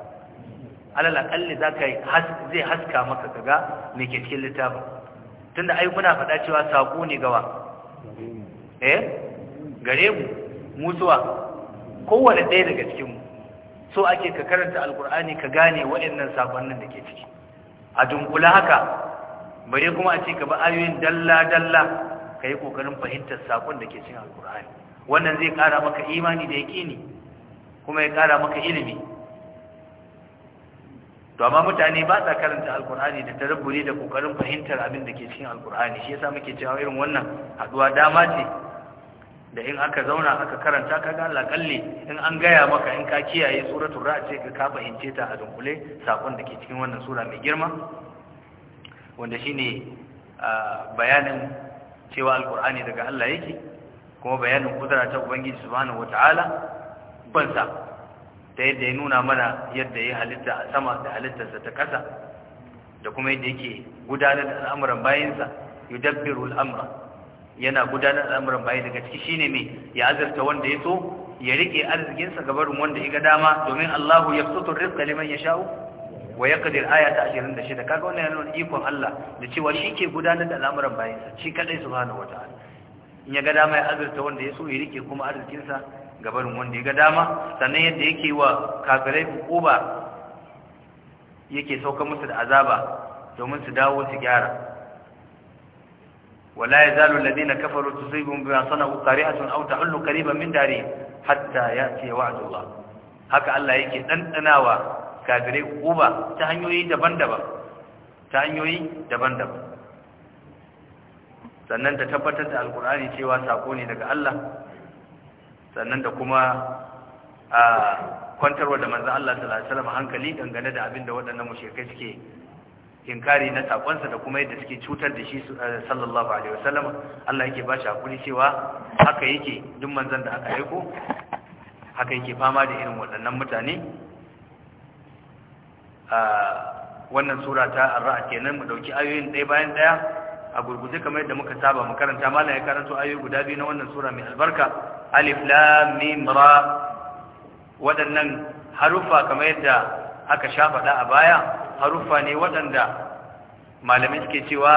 alal aqalli zaka zai haska maka kaga me ke cikin littafin tunda ai muna faɗa cewa sako ne gawa eh gare mu mutuwa kowane ɗaya daga cikinmu so ake ka karanta alkur'ani ka gane waɗannan sabonin da ke ciki a dunkula haka bare kuma a ce ka ba ayoyin dalla-dalla ka yi ƙoƙarin fahimtar sakon da ke cikin alkur'ani wannan zai ƙara maka imani da yaƙini kuma ya ƙara maka ilimi to amma mutane ba sa karanta alkur'ani da tadabburi da kokarin fahimtar abin da ke cikin alkur'ani shi yasa muke cewa irin wannan haduwa dama ce da in aka zauna aka karanta kaga Allah kalle in an gaya maka in ka kiyaye suratul ra'd sai ka fahimce ta a dunkule sakon da ke cikin wannan sura mai girma wanda shine bayanin cewa alkur'ani daga Allah yake kuma bayanin kudura ta ubangiji subhanahu wataala bansa ta yadda ya nuna mana yadda ya halitta a sama da halittarsa ta ƙasa da kuma yadda yake gudanar da al'amuran bayansa yudabbiru al'amra yana gudanar da al'amuran bayan daga ciki ne me ya azarta wanda ya so ya rike arzikinsa gabarin wanda ya ga dama domin Allahu ya yabsutu rizqa ya sha'u. wa yaqdir ayata da kaga wannan yana nuna ikon Allah da cewa shi ke gudanar da al'amuran bayansa shi kadai subhanahu wataala in ya ga dama ya azarta wanda ya so ya rike kuma arzikinsa barin wanda ya ga dama sannan yadda yake wa kafirai hukuba yake sauka musu da azaba domin su dawo su gyara wala yazalu alladhina kafaru tusibuhum bima sana'u qari'atun aw ta'allu qariban min dari hatta ya'ti wa'dullah haka Allah yake dandanawa kafirai hukuba ta hanyoyi daban-daban ta hanyoyi daban-daban sannan ta tabbatar da alkur'ani cewa sako ne daga Allah sannan da kuma a kwantarwa da manzan Allah sallallahu hankali dangane da abin da waɗannan mushrikai suke inkari na saƙonsa da kuma yadda suke cutar da shi eh, sallallahu alaihi wasallam Allah yake ba shi hakuri cewa haka yake duk manzan da aka haiku haka yake fama da irin waɗannan mutane wannan sura ta ar kenan mu dauki ayoyin ɗaya bayan ɗaya a gurguje kamar yadda muka saba mu karanta malam ya karanto ayoyi guda biyu na wannan sura mai albarka alif lam mim ra waɗannan harufa kamar yadda aka sha faɗa a baya harufa ne waɗanda malamai suke cewa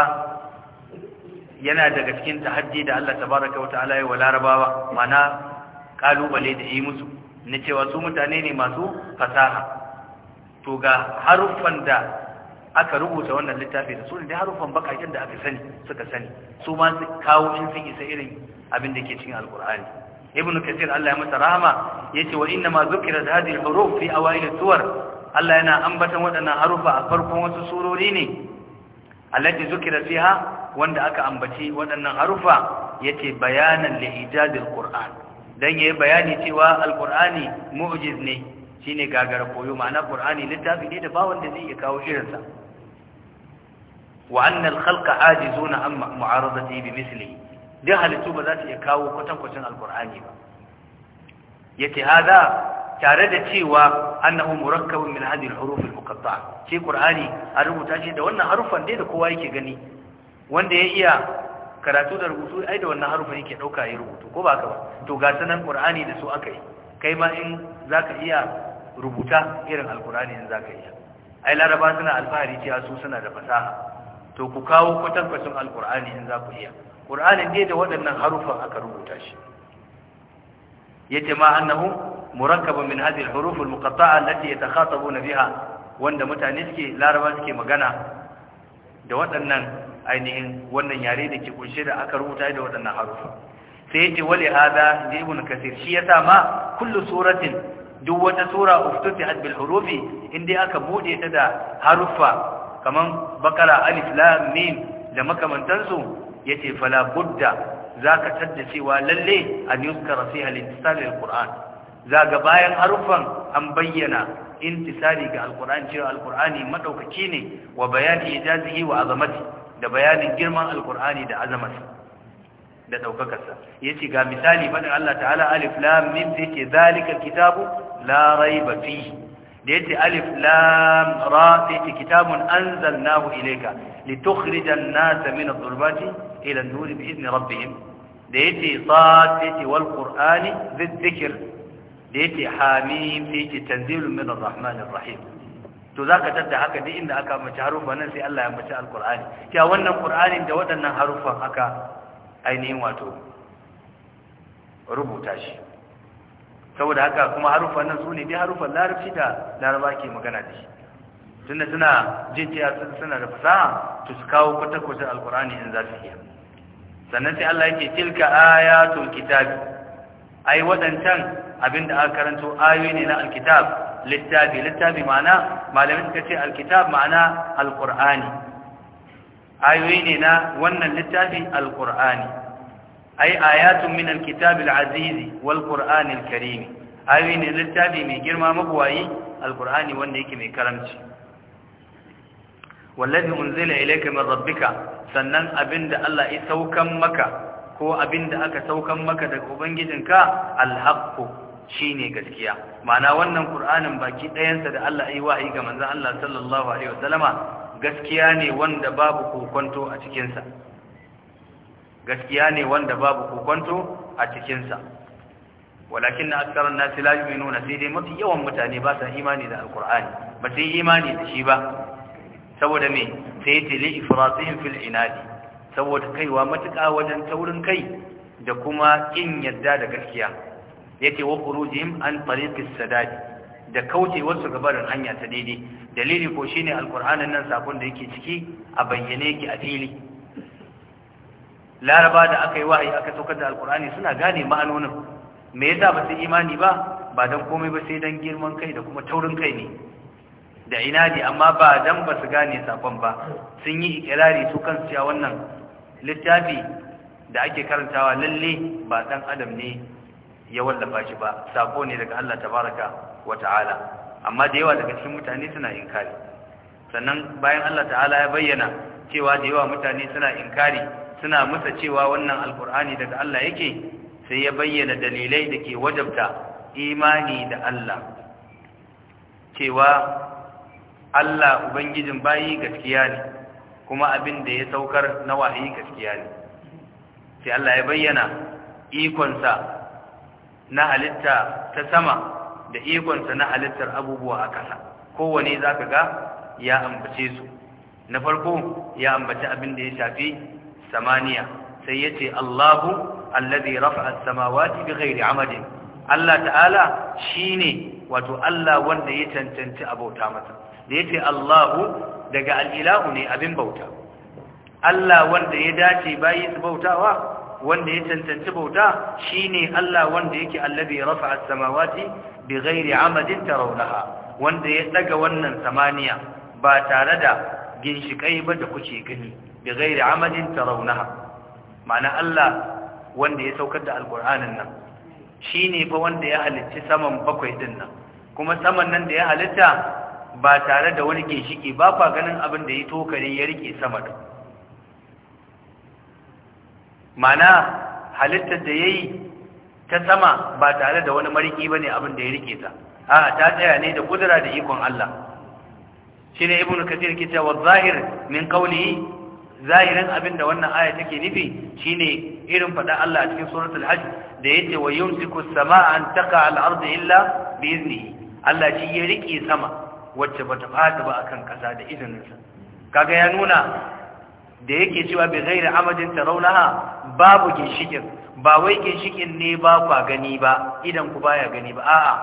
yana daga cikin tahaddi da Allah tabaraka wa ta'ala ya wa larabawa mana kalubale da yi musu na cewa su mutane ne masu fasaha to ga haruffan da aka rubuta wannan littafi da su da harufan bakakin da aka sani suka sani su ma kawo in sun isa irin abin da ke cikin alkur'ani ibnu kasir Allah ya masa rahama yace wa inna ma zukira da hadhihi huruf fi awail suwar Allah yana ambatan waɗannan harufa a farkon wasu surori ne allati zukira fiha wanda aka ambaci waɗannan harufa yace bayanan li ijadil qur'an dan yayi bayani cewa alqur'ani mu'jiz ne shine gagara koyo ma'ana qur'ani littafi ne da ba wanda zai iya kawo sa wa anna al-khalqa ajizuna amma mu'aradati bi Misli. dai halittu ba za ta iya kawo kwatankwacin alkur'ani ba yace hada tare da cewa annahu murakkabun min hadhihi al-huruf al-muqatta'a shi qur'ani an rubuta shi da wannan harufan dai da kowa yake gani wanda ya iya karatu da rubutu ai da wannan harufan yake dauka ya rubutu ko ba ka ba to ga sanan qur'ani da su aka yi, kai ma in za ka iya rubuta irin alkur'ani in zaka iya ai laraba suna alfahari cewa su suna da fasaha to ku kawo kwatankwacin alkur'ani in za ku iya ƙur'anin ne da waɗannan harufan aka rubuta shi ce ma annahu murakkabun min hadhihi al-huruf al-muqatta'a allati yatakhatabuna biha wanda mutane suke laraba suke magana da waɗannan ainihin wannan yare da ke kunshe da aka rubuta da waɗannan harufa sai yace wali hada ibn kasir shi yasa ma kullu suratin duk wata sura uftutihat bil hurufi dai aka bude ta da harufa kaman bakara alif lam mim da makamantansu yace fala budda zaka tadda cewa lalle an yuskara fiha al-ittisal al-Qur'an zaga bayan harufan an bayyana intisari ga al-Qur'an cewa al-Qur'ani madaukaki ne wa bayani ijazihi wa azamati da bayanin girman al-Qur'ani da azamarsa da daukakarsa yace ga misali fadin Allah ta'ala alif lam mim yake zalika kitabu la raiba fihi da yace alif lam ra sai kitabun anzalnahu ilayka litukhrijan nasa min adh-dhulumati ila an-nur bi idni rabbihim da yace sad sai wal qur'ani dhikr da yace hamim sai tanzilun min ar-rahmanir rahim to zaka tada haka duk inda aka mace harufa nan sai Allah ya mace al-qur'ani cewa wannan qur'anin da waɗannan harufan aka ainihin wato rubuta shi saboda haka kuma harufan nan su ne dai harufan larabci da laraba ke magana da shi tunda suna jin cewa suna da fasaha to su kawo kwatakwatan alkur'ani in za su iya sannan sai Allah yake tilka ayatul kitab ai wadancan abinda aka karanto ayoyi ne na alkitab littafi littafi ma'ana malamin suka ce alkitab ma'ana alkur'ani ayoyi ne na wannan littafi alkur'ani ai ayatun min alkitabil aziz wal qur'anil karim Ayi ne littafi mai girma magwayi alqur'ani wanda yake mai karamci wallazi unzila ilayka min rabbika sannan abinda Allah ya saukan maka ko abinda aka saukan maka daga ubangijinka alhaqqu shine gaskiya ma'ana wannan qur'anin baki ɗayansa da Allah ya wahayi ga manzon Allah sallallahu alaihi wasallama gaskiya ne wanda babu kokonto a cikin sa gaskiya ne wanda babu kokonto a cikinsa walakin na askarar nasi la nuna sai dai mafi yawan mutane ba sa imani da alkur'ani ba sai imani da shi ba saboda me sai ta li fil inadi saboda kaiwa matuƙa wajen taurin kai da kuma kin yadda da gaskiya yake wa khurujihim an tariqis sadad da kauce wasu gabarin hanya ta daidai dalili ko shine alkur'anin nan sakon da yake ciki a bayyane yake a fili laraba da aka yi wahayi aka saukar da alkur'ani suna gane ma'anonin me yasa ba su imani ba ba dan komai ba sai dan girman kai da kuma taurin kai ne da ina inadi amma ba dan ba su gane sakon ba sun yi ikirari su kan cewa wannan littafi da ake karantawa lalle ba dan adam ne ya wallafa shi ba sako ne daga Allah tabaraka wa ta'ala amma da yawa daga cikin mutane suna inkari sannan bayan Allah ta'ala ya bayyana cewa da yawa mutane suna inkari suna musa cewa wannan alkur'ani daga Allah yake sai ya bayyana dalilai da ke wajabta imani da Allah cewa Allah ubangijin bayi gaskiya ne kuma abin da ya saukar na wahayi gaskiya ne sai Allah ya bayyana ikonsa na halitta ta sama da ikonsa na halittar abubuwa a ƙasa kowane za ka ga ya ambace su na farko ya ambace abin da ya shafi samaniya sai yace Allahu alladhi rafa'a as-samawati bighairi amadin Allah ta'ala shine wato Allah wanda ya cancanci abauta masa da yace Allahu daga al ne abin bauta Allah wanda ya dace bayi su bautawa wanda ya cancanci bauta shine Allah wanda yake allazi rafa'a as-samawati bighairi wanda ya daga wannan samaniya ba tare da ginshikai ba da kuke gani bi ghairi amalin tarawnaha ma'ana Allah wanda ya saukar da alqur'anin nan shine fa wanda ya halicci saman bakwai din nan kuma saman nan da ya halitta ba tare da wani ginshiki ba fa ganin abin da ya tokare ya rike sama da ma'ana halittar da yayi ta sama ba tare da wani mariki bane abin da ya rike ta a ta tsaya ne da kudura da ikon Allah shine ibnu kathir ke cewa zahir min qawlihi zahirin abinda wannan aya take nufi shine irin faɗa Allah a cikin suratul hajj da yace wa yumsiku samaa an taqa al ardi illa bi iznihi Allah shi ya rike sama wacce bata fada ba akan kasa da izininsa kaga ya nuna da yake cewa bi ghairi amadin tarawnaha babu ginshikin ba wai ginshikin ne ba kwa gani ba idan ku baya gani ba a'a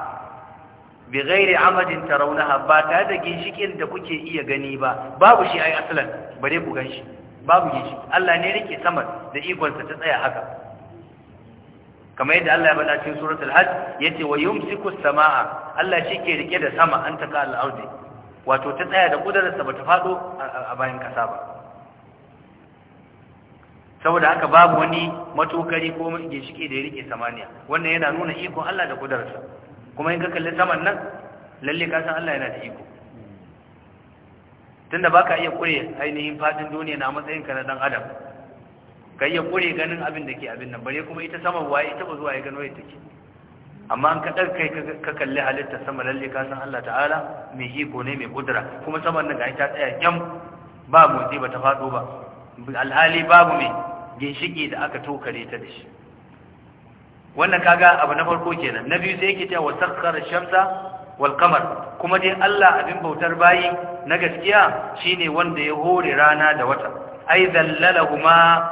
bi ghairi amadin tarawnaha ba ta da ginshikin da kuke iya gani ba babu shi ai asalan bare ku ganshi babu yi shi Allah ne rike sama da ikonsa ta tsaya haka kamar yadda Allah ya faɗa cikin suratul hajj yace wa yumsiku samaa Allah shi ke rike da sama an taka al-ardi wato ta tsaya da ba bata fado a bayan kasa ba saboda haka babu wani matokari ko ginshiki da ya rike samaniya wannan yana nuna ikon Allah da kudararsa kuma in ka kalli saman nan lalle ka san Allah yana da iko tunda baka iya kure ainihin fadin duniya na matsayin ka na dan adam ka iya kure ganin abin da ke abin nan bare kuma ita sama waye ita ba zuwa ya gano ita ke. amma an ka kai ka kalli halitta sama lalle ka san Allah ta'ala mai iko ne mai kudura kuma saman nan ga ita tsaya kyam ba motsi ba ta fado ba alhali babu mai ginshiki da aka tokare ta da shi wannan kaga abu na farko kenan na biyu sai yake cewa sakhkhara shamsa wal qamar kuma dai Allah abin bautar bayi na gaskiya shine wanda ya hore rana da wata ai dallalahuma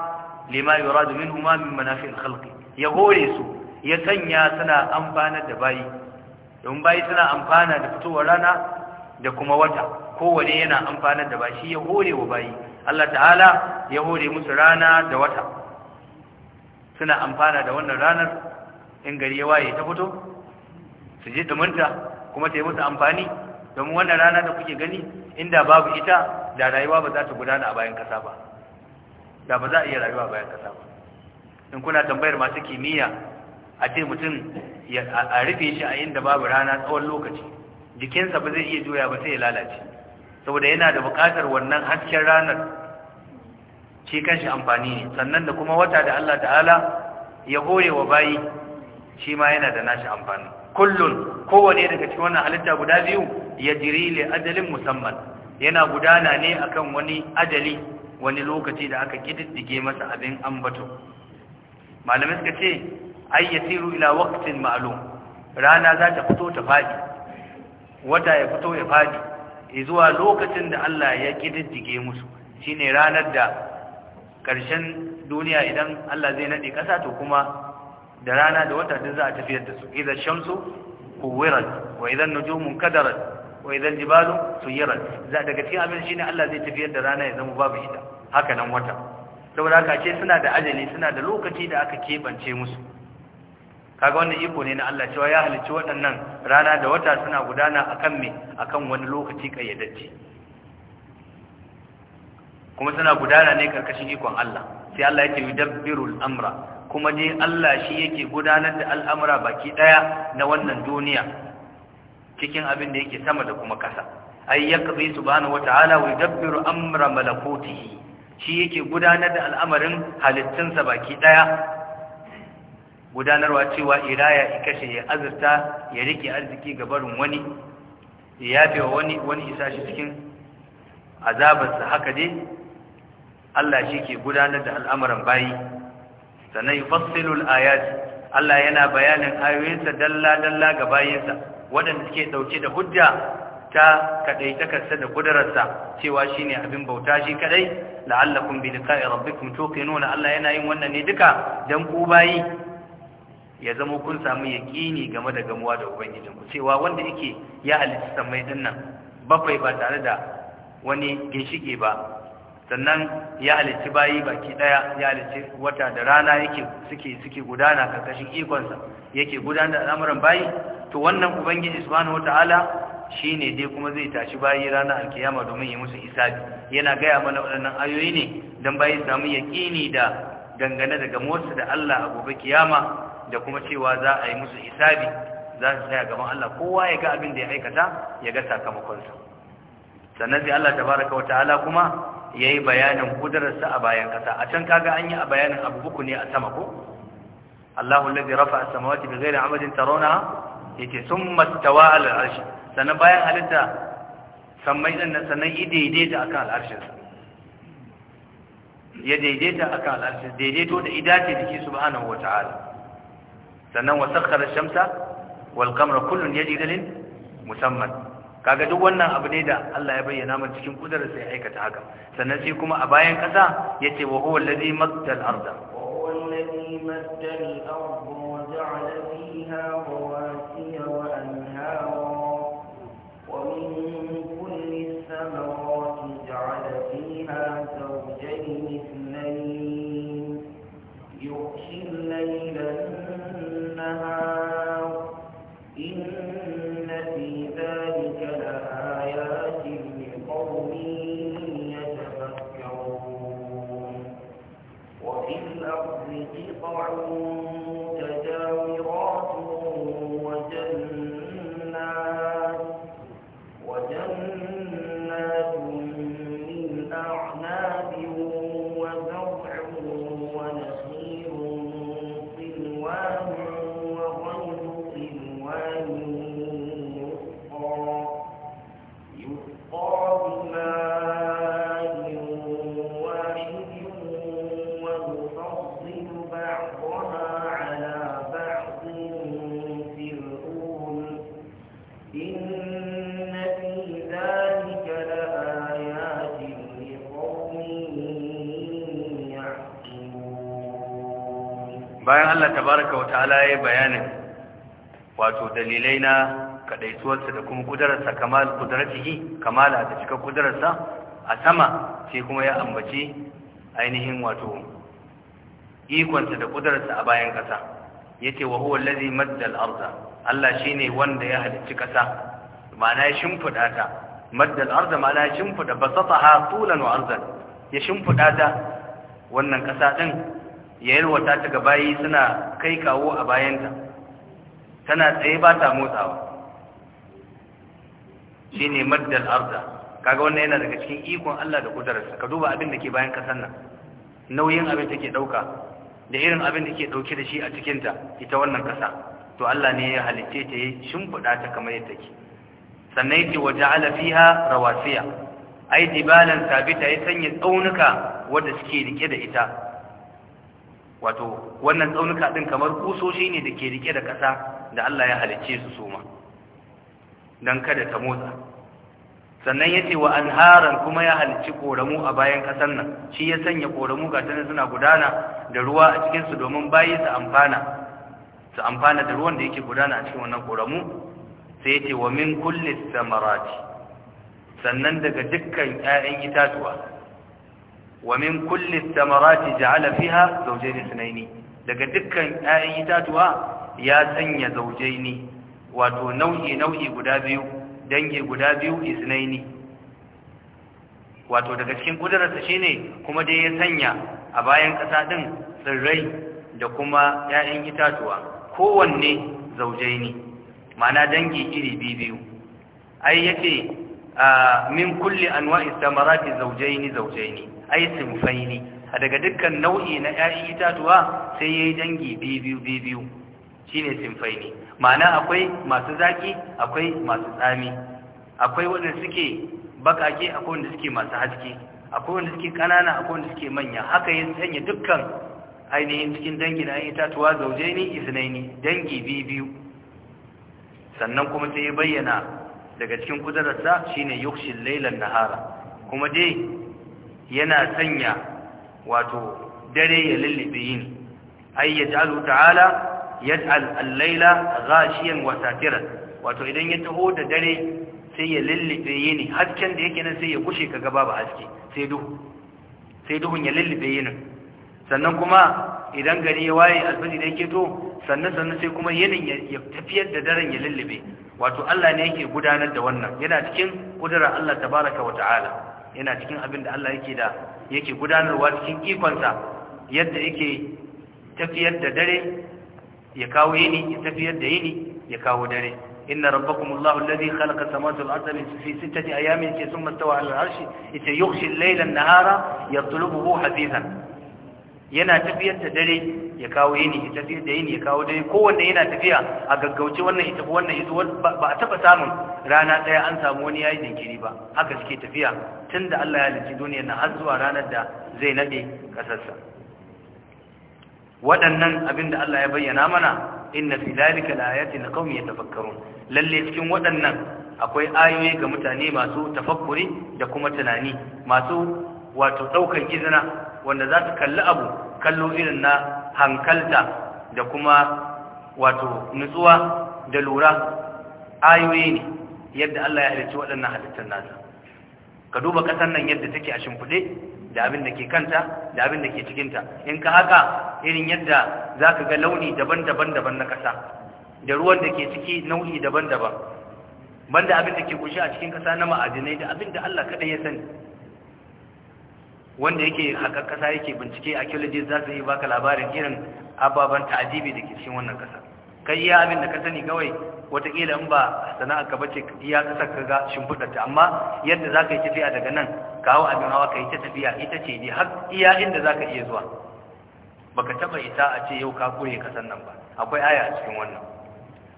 lima yuradu minhuma min manafi'il khalqi ya hore su ya sanya suna amfana da bayi don bayi suna amfana da fitowar rana da kuma wata kowane yana amfana da bayi shi ya hore wa bayi Allah ta'ala ya hore musu rana da wata suna amfana da wannan ranar in gari ya waye ta fito su je manta kuma ta yi musu amfani domin wannan rana da kuke gani inda babu ita da rayuwa ba za ta gudana a bayan kasa ba da ba za a iya rayuwa a bayan kasa ba in kuna tambayar masu kimiyya a ce mutum a rufe shi a inda babu rana tsawon lokaci jikinsa ba zai iya juya ba sai ya lalace saboda yana da buƙatar wannan hasken ranar shi kanshi amfani ne sannan da kuma wata da Allah ta'ala ya hore wa bayi shi ma yana da nashi amfani kullun kowane daga cikin wannan halitta guda biyu Ya le adalin musamman yana gudana ne akan wani adali wani lokaci da aka kididdige masa abin ambato malamai suka ce ay yasiru ila waqtin ma'lum rana za ta fito ta fadi wata ya fito ya fadi zuwa lokacin da Allah ya kididdige musu shine ranar da karshen duniya idan Allah zai nade kasa to kuma da rana da wata duk za a tafiyar da su idan shamsu kuwirat wa idan nujumun kadarat wa idan jibalu suyirat za daga cikin abin shine Allah zai tafiyar da rana ya zama babu ita haka nan wata saboda haka ce suna da ajali suna da lokaci da aka kebance musu kaga wannan iko ne na Allah cewa ya halicci waɗannan rana da wata suna gudana akan me akan wani lokaci kayyadacce kuma suna gudana ne karkashin ikon Allah sai Allah yake yudabbirul amra kuma ne Allah shi yake gudanar da al'amura baki daya na wannan duniya cikin abin da yake sama da kuma kasa ay yaqdi subhanahu wataala wa yudabbiru amra malakutihi shi yake gudanar da al'amarin halittunsa baki daya gudanarwa cewa iraya kashe ya azurta ya rike arziki ga barin wani ya yafe wa wani wani isa shi cikin azabarsa haka dai Allah shi ke gudanar da al'amuran bayi sannan yufassilul ayat Allah yana bayanin ayoyinsa dalla dalla ga bayinsa waɗanda suke ɗauke da hujja ta kaɗai takarsa da ƙudurarsa cewa shine abin bauta shi kaɗai la'allakun bi liqa'i rabbikum nuna Allah yana yin wannan ne duka dan ku bayi ya zama kun samu yaƙini game da gamuwa da ubangijinku cewa wanda yake ya halitta samai dinnan bakwai ba tare da wani ginshike ba sannan ya halicci bayi baki daya ya halicci wata da rana yake suke suke gudana karkashin ikonsa yake gudanar da al'amuran bayi to wannan ubangiji subhanahu wataala shine dai kuma zai tashi bayi ranar alkiyama domin ya musu hisabi yana gaya mana waɗannan ayoyi ne don bayi samu yaƙini da dangane da motsa da Allah a gobe kiyama da kuma cewa za a yi musu isabi za su tsaya gaban Allah kowa ya ga abin da ya aikata ya ga sakamakonsa sannan sai Allah tabaraka ta'ala kuma ya yi bayanin ƙudurarsa a bayan ƙasa a can kaga an yi a bayanin abu uku ne a sama ko Allahu lafi rafa a samawati bi gairi amadin tarona ya ce sun mastawa al'arshi sannan bayan halitta sammai ɗin nan sannan yi daidaita akan al'arshinsa ya daidaita akan al'arshi daidaito da idace da ke subhanahu wa ta'ala sannan wasakkar shamsa wal qamara kullun yajri lil musamman kaga duk wannan abu ne da Allah ya bayyana mana cikin kudurar sai aikata haka sannan sai kuma a bayan kasa yace wa huwa allazi maddal arda wa huwa allazi maddal arda wa ja'ala fiha Allah tabaraka wa ta'ala ya bayanin wato dalilai na kadaituwarsa da kuma kudararsa kamal kudaratihi kamala ta cika kudararsa a sama sai kuma ya ambaci ainihin wato ikonsa da kudararsa a bayan kasa yake wa huwa allazi madda al-ardha Allah shine wanda ya halicci kasa ma'ana ya shimfida ta Maddal al ma'ana ya shimfida basataha tulan wa ardan ya shimfida ta wannan kasa din yayarwa ta ta ga bayi suna kai kawo a bayanta tana tsaye ba ta motsawa shi ne maddal arda kaga wannan yana daga cikin ikon Allah da kudararsa ka duba abin da ke bayan kasan nan nauyin abin take dauka da irin abin da ke dauke da shi a cikin ta ita wannan kasa to Allah ne ya halitte ta yi shimfiɗa ta kamar yadda take sannan yake waje alafiha rawasiya ai dibalan sabita ya sanya tsaunuka wanda suke rike da ita wato wannan tsaunuka din kamar kusoshi ne da ke rike da ƙasa da Allah ya halicce su soma don kada ta motsa sannan ya ce wa anharan kuma ya halicci koramu a bayan ƙasar nan shi ya sanya koramu ga tana suna gudana da ruwa a cikinsu domin bayi su amfana su amfana da ruwan da yake gudana a cikin wannan koramu sai ya ce wa min kulli samarati sannan daga dukkan 'ya'yan itatuwa wa min kulli thamarati ja'ala fiha zawjayn ithnayn daga dukkan ayan itatuwa ya sanya zawjaini wato nau'i nau'i guda biyu dangi guda biyu isnaini wato daga cikin kudurarsa shine kuma dai ya sanya a bayan ƙasa din tsirrai da kuma 'ya'yan itatuwa kowanne zaujaini ma'ana dangi iri biyu biyu ai yace min kulli anwa'i samarati zaujaini zaujaini ai sinfaini a daga dukkan nau'i na 'ya'yan itatuwa sai yayi dangi biyu biyu shine sinfaini ma'ana akwai masu zaki akwai masu tsami akwai wanda suke bakake akwai wanda suke masu haske akwai wanda suke kanana akwai wanda suke manya haka yin sanya dukkan ainihin cikin dangi na itatuwa zauje ne isnaini dangi biyu sannan kuma sai ya bayyana daga cikin kudararsa shine yukshil laylan nahara kuma dai yana sanya wato dare ya lullube yini ay yaj'alu ta'ala yad'al al-laila ghashiyan wa satiran wato idan ya taho da dare sai ya lullube yini hasken da yake nan sai ya kushe kaga babu haske sai duhu sai duhun ya lullube yinin sannan kuma idan gari ya waye alfiji da yake to sannan sannan sai kuma yinin ya tafiyar da daren ya lullube wato Allah ne yake gudanar da wannan yana cikin kudura Allah tabaraka wa ta'ala yana cikin abin da Allah yake da yake gudanarwa cikin ikonsa yadda yake tafiyar da dare ya kawo yini ya tafiyar da yini ya kawo dare inna rabbakum Allahu alladhi khalaqa samawati wal arda fi sittati ayamin thumma istawa 'ala al-'arshi ita yughshi al-layla an-nahara yatlubuhu hafizan yana tafiyar da dare ya kawo yini ya tafiyar da yini ya kawo dare kowanne yana tafiya a gaggauce wannan ita wannan ita ba a taba samun rana ɗaya an samu wani yayi jinkiri ba haka suke tafiya tunda Allah ya halicci duniya na har zuwa ranar da zai nade kasarsa waɗannan abin da Allah ya bayyana mana inna fi zalika ayatin qaumi yatafakkarun lalle cikin waɗannan akwai ayoyi ga mutane masu tafakkuri da kuma tunani masu wato daukar izina wanda za su kalli abu kallo irin na hankalta da kuma wato nutsuwa da lura ayoyi ne yadda Allah ya halicci waɗannan halittar nasa ka duba ƙasar nan yadda take a shimfiɗe da abin da ke kanta da abin da ke cikinta in ka haka irin yadda za ka ga launi daban-daban daban na ƙasa da ruwan da ke ciki nau'i daban-daban banda abin da ke kunshi a cikin ƙasa na ma'adinai da abin da Allah kaɗai ya sani wanda yake haƙar ƙasa yake bincike archaeologist za su yi baka labarin irin ababen ta'ajibi da ke cikin wannan ƙasa kai iya abin da ka sani kawai watakila in ba sana'a ka bace iya ƙasa ka ga shimfiɗarta amma yadda za ka yi tafiya daga nan ka hau abin hawa ka yi ta tafiya ita ce ne har iya inda za ka iya zuwa baka taɓa ita a ce yau ka kure ƙasar nan ba akwai aya a cikin wannan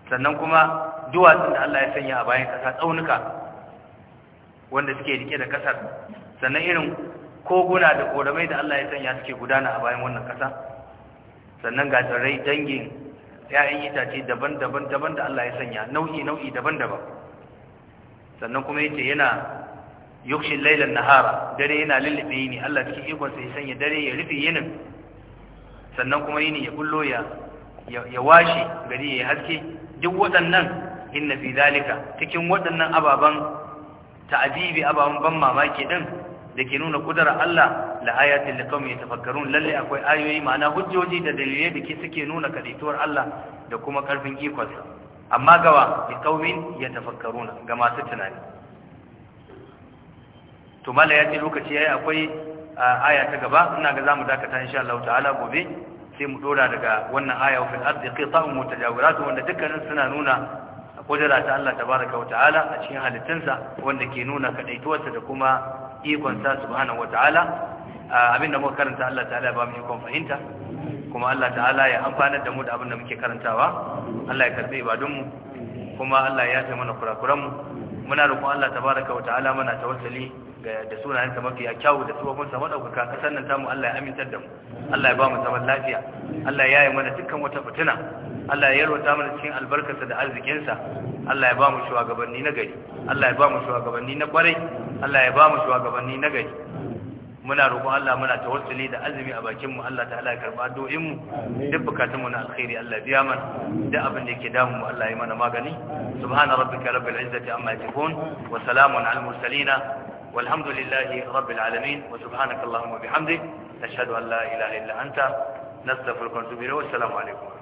sannan kuma duwatsun da Allah ya sanya a bayan ƙasa tsaunuka wanda suke rike da ƙasar sannan irin koguna da koramai da Allah ya sanya suke gudana a bayan wannan ƙasa sannan ga tsirrai dangin ‘ya'yan itace daban-daban daban da Allah ya sanya nau'i-nau'i daban-daban sannan kuma yace yana yukshin lailan nahara dare yana lullube yini Allah cikin ikonsa ya sanya dare ya rufe yinin sannan kuma yini ya bullo ya ya washe gari ya haske duk waɗannan inna fi zalika cikin waɗannan ababan ta'ajibi ababan ban mamaki din da ke nuna kudara Allah la ayatin da kawai tafakkarun lalle akwai ayoyi ma'ana hujjoji da dalilai da ke suke nuna kadituwar Allah da kuma karfin ikonsa amma gawa da kawai ya ga masu tunani to ya ce lokaci yayi akwai aya ta gaba ina ga zamu dakata insha Allah ta'ala gobe sai mu dora daga wannan aya fil ardi qita'un mutajawiratun wanda dukkanin suna nuna kudara ta Allah tabaraka wa ta'ala a cikin halittunsa wanda ke nuna kadaituwarsa da kuma ikon sa subhanahu wataala abinda muka karanta Allah ta'ala ya ba mu ikon fahimta kuma Allah ta'ala ya amfanar da mu da abinda muke karantawa Allah ya karbi ibadunmu kuma Allah ya yafe mana mu muna roƙon Allah tabaraka wataala mana tawassuli da sunayensa mafiya kyawu da tsohon sa maɗaukaka ƙasar sannan tamu Allah ya amintar da mu Allah ya ba mu zaman lafiya Allah ya yi mana dukkan wata fitina Allah ya yarwata mana cikin albarkarsa da arzikinsa Allah ya ba mu shugabanni na gari Allah ya ba mu shugabanni na kwarai Allah ya ba mu shugabanni na gari muna roƙon Allah muna tawassuli da azumi a bakin mu Allah ta'ala ya karba addu'o'in mu duk bukatun mu na alkhairi Allah biya mana duk abin da yake damu mu Allah ya yi mana magani subhana rabbika rabbil izzati amma yasifun wa salamun al mursalin والحمد لله رب العالمين وسبحانك اللهم وبحمدك نشهد أن لا إله إلا أنت نستغفرك ونتوب إليك والسلام عليكم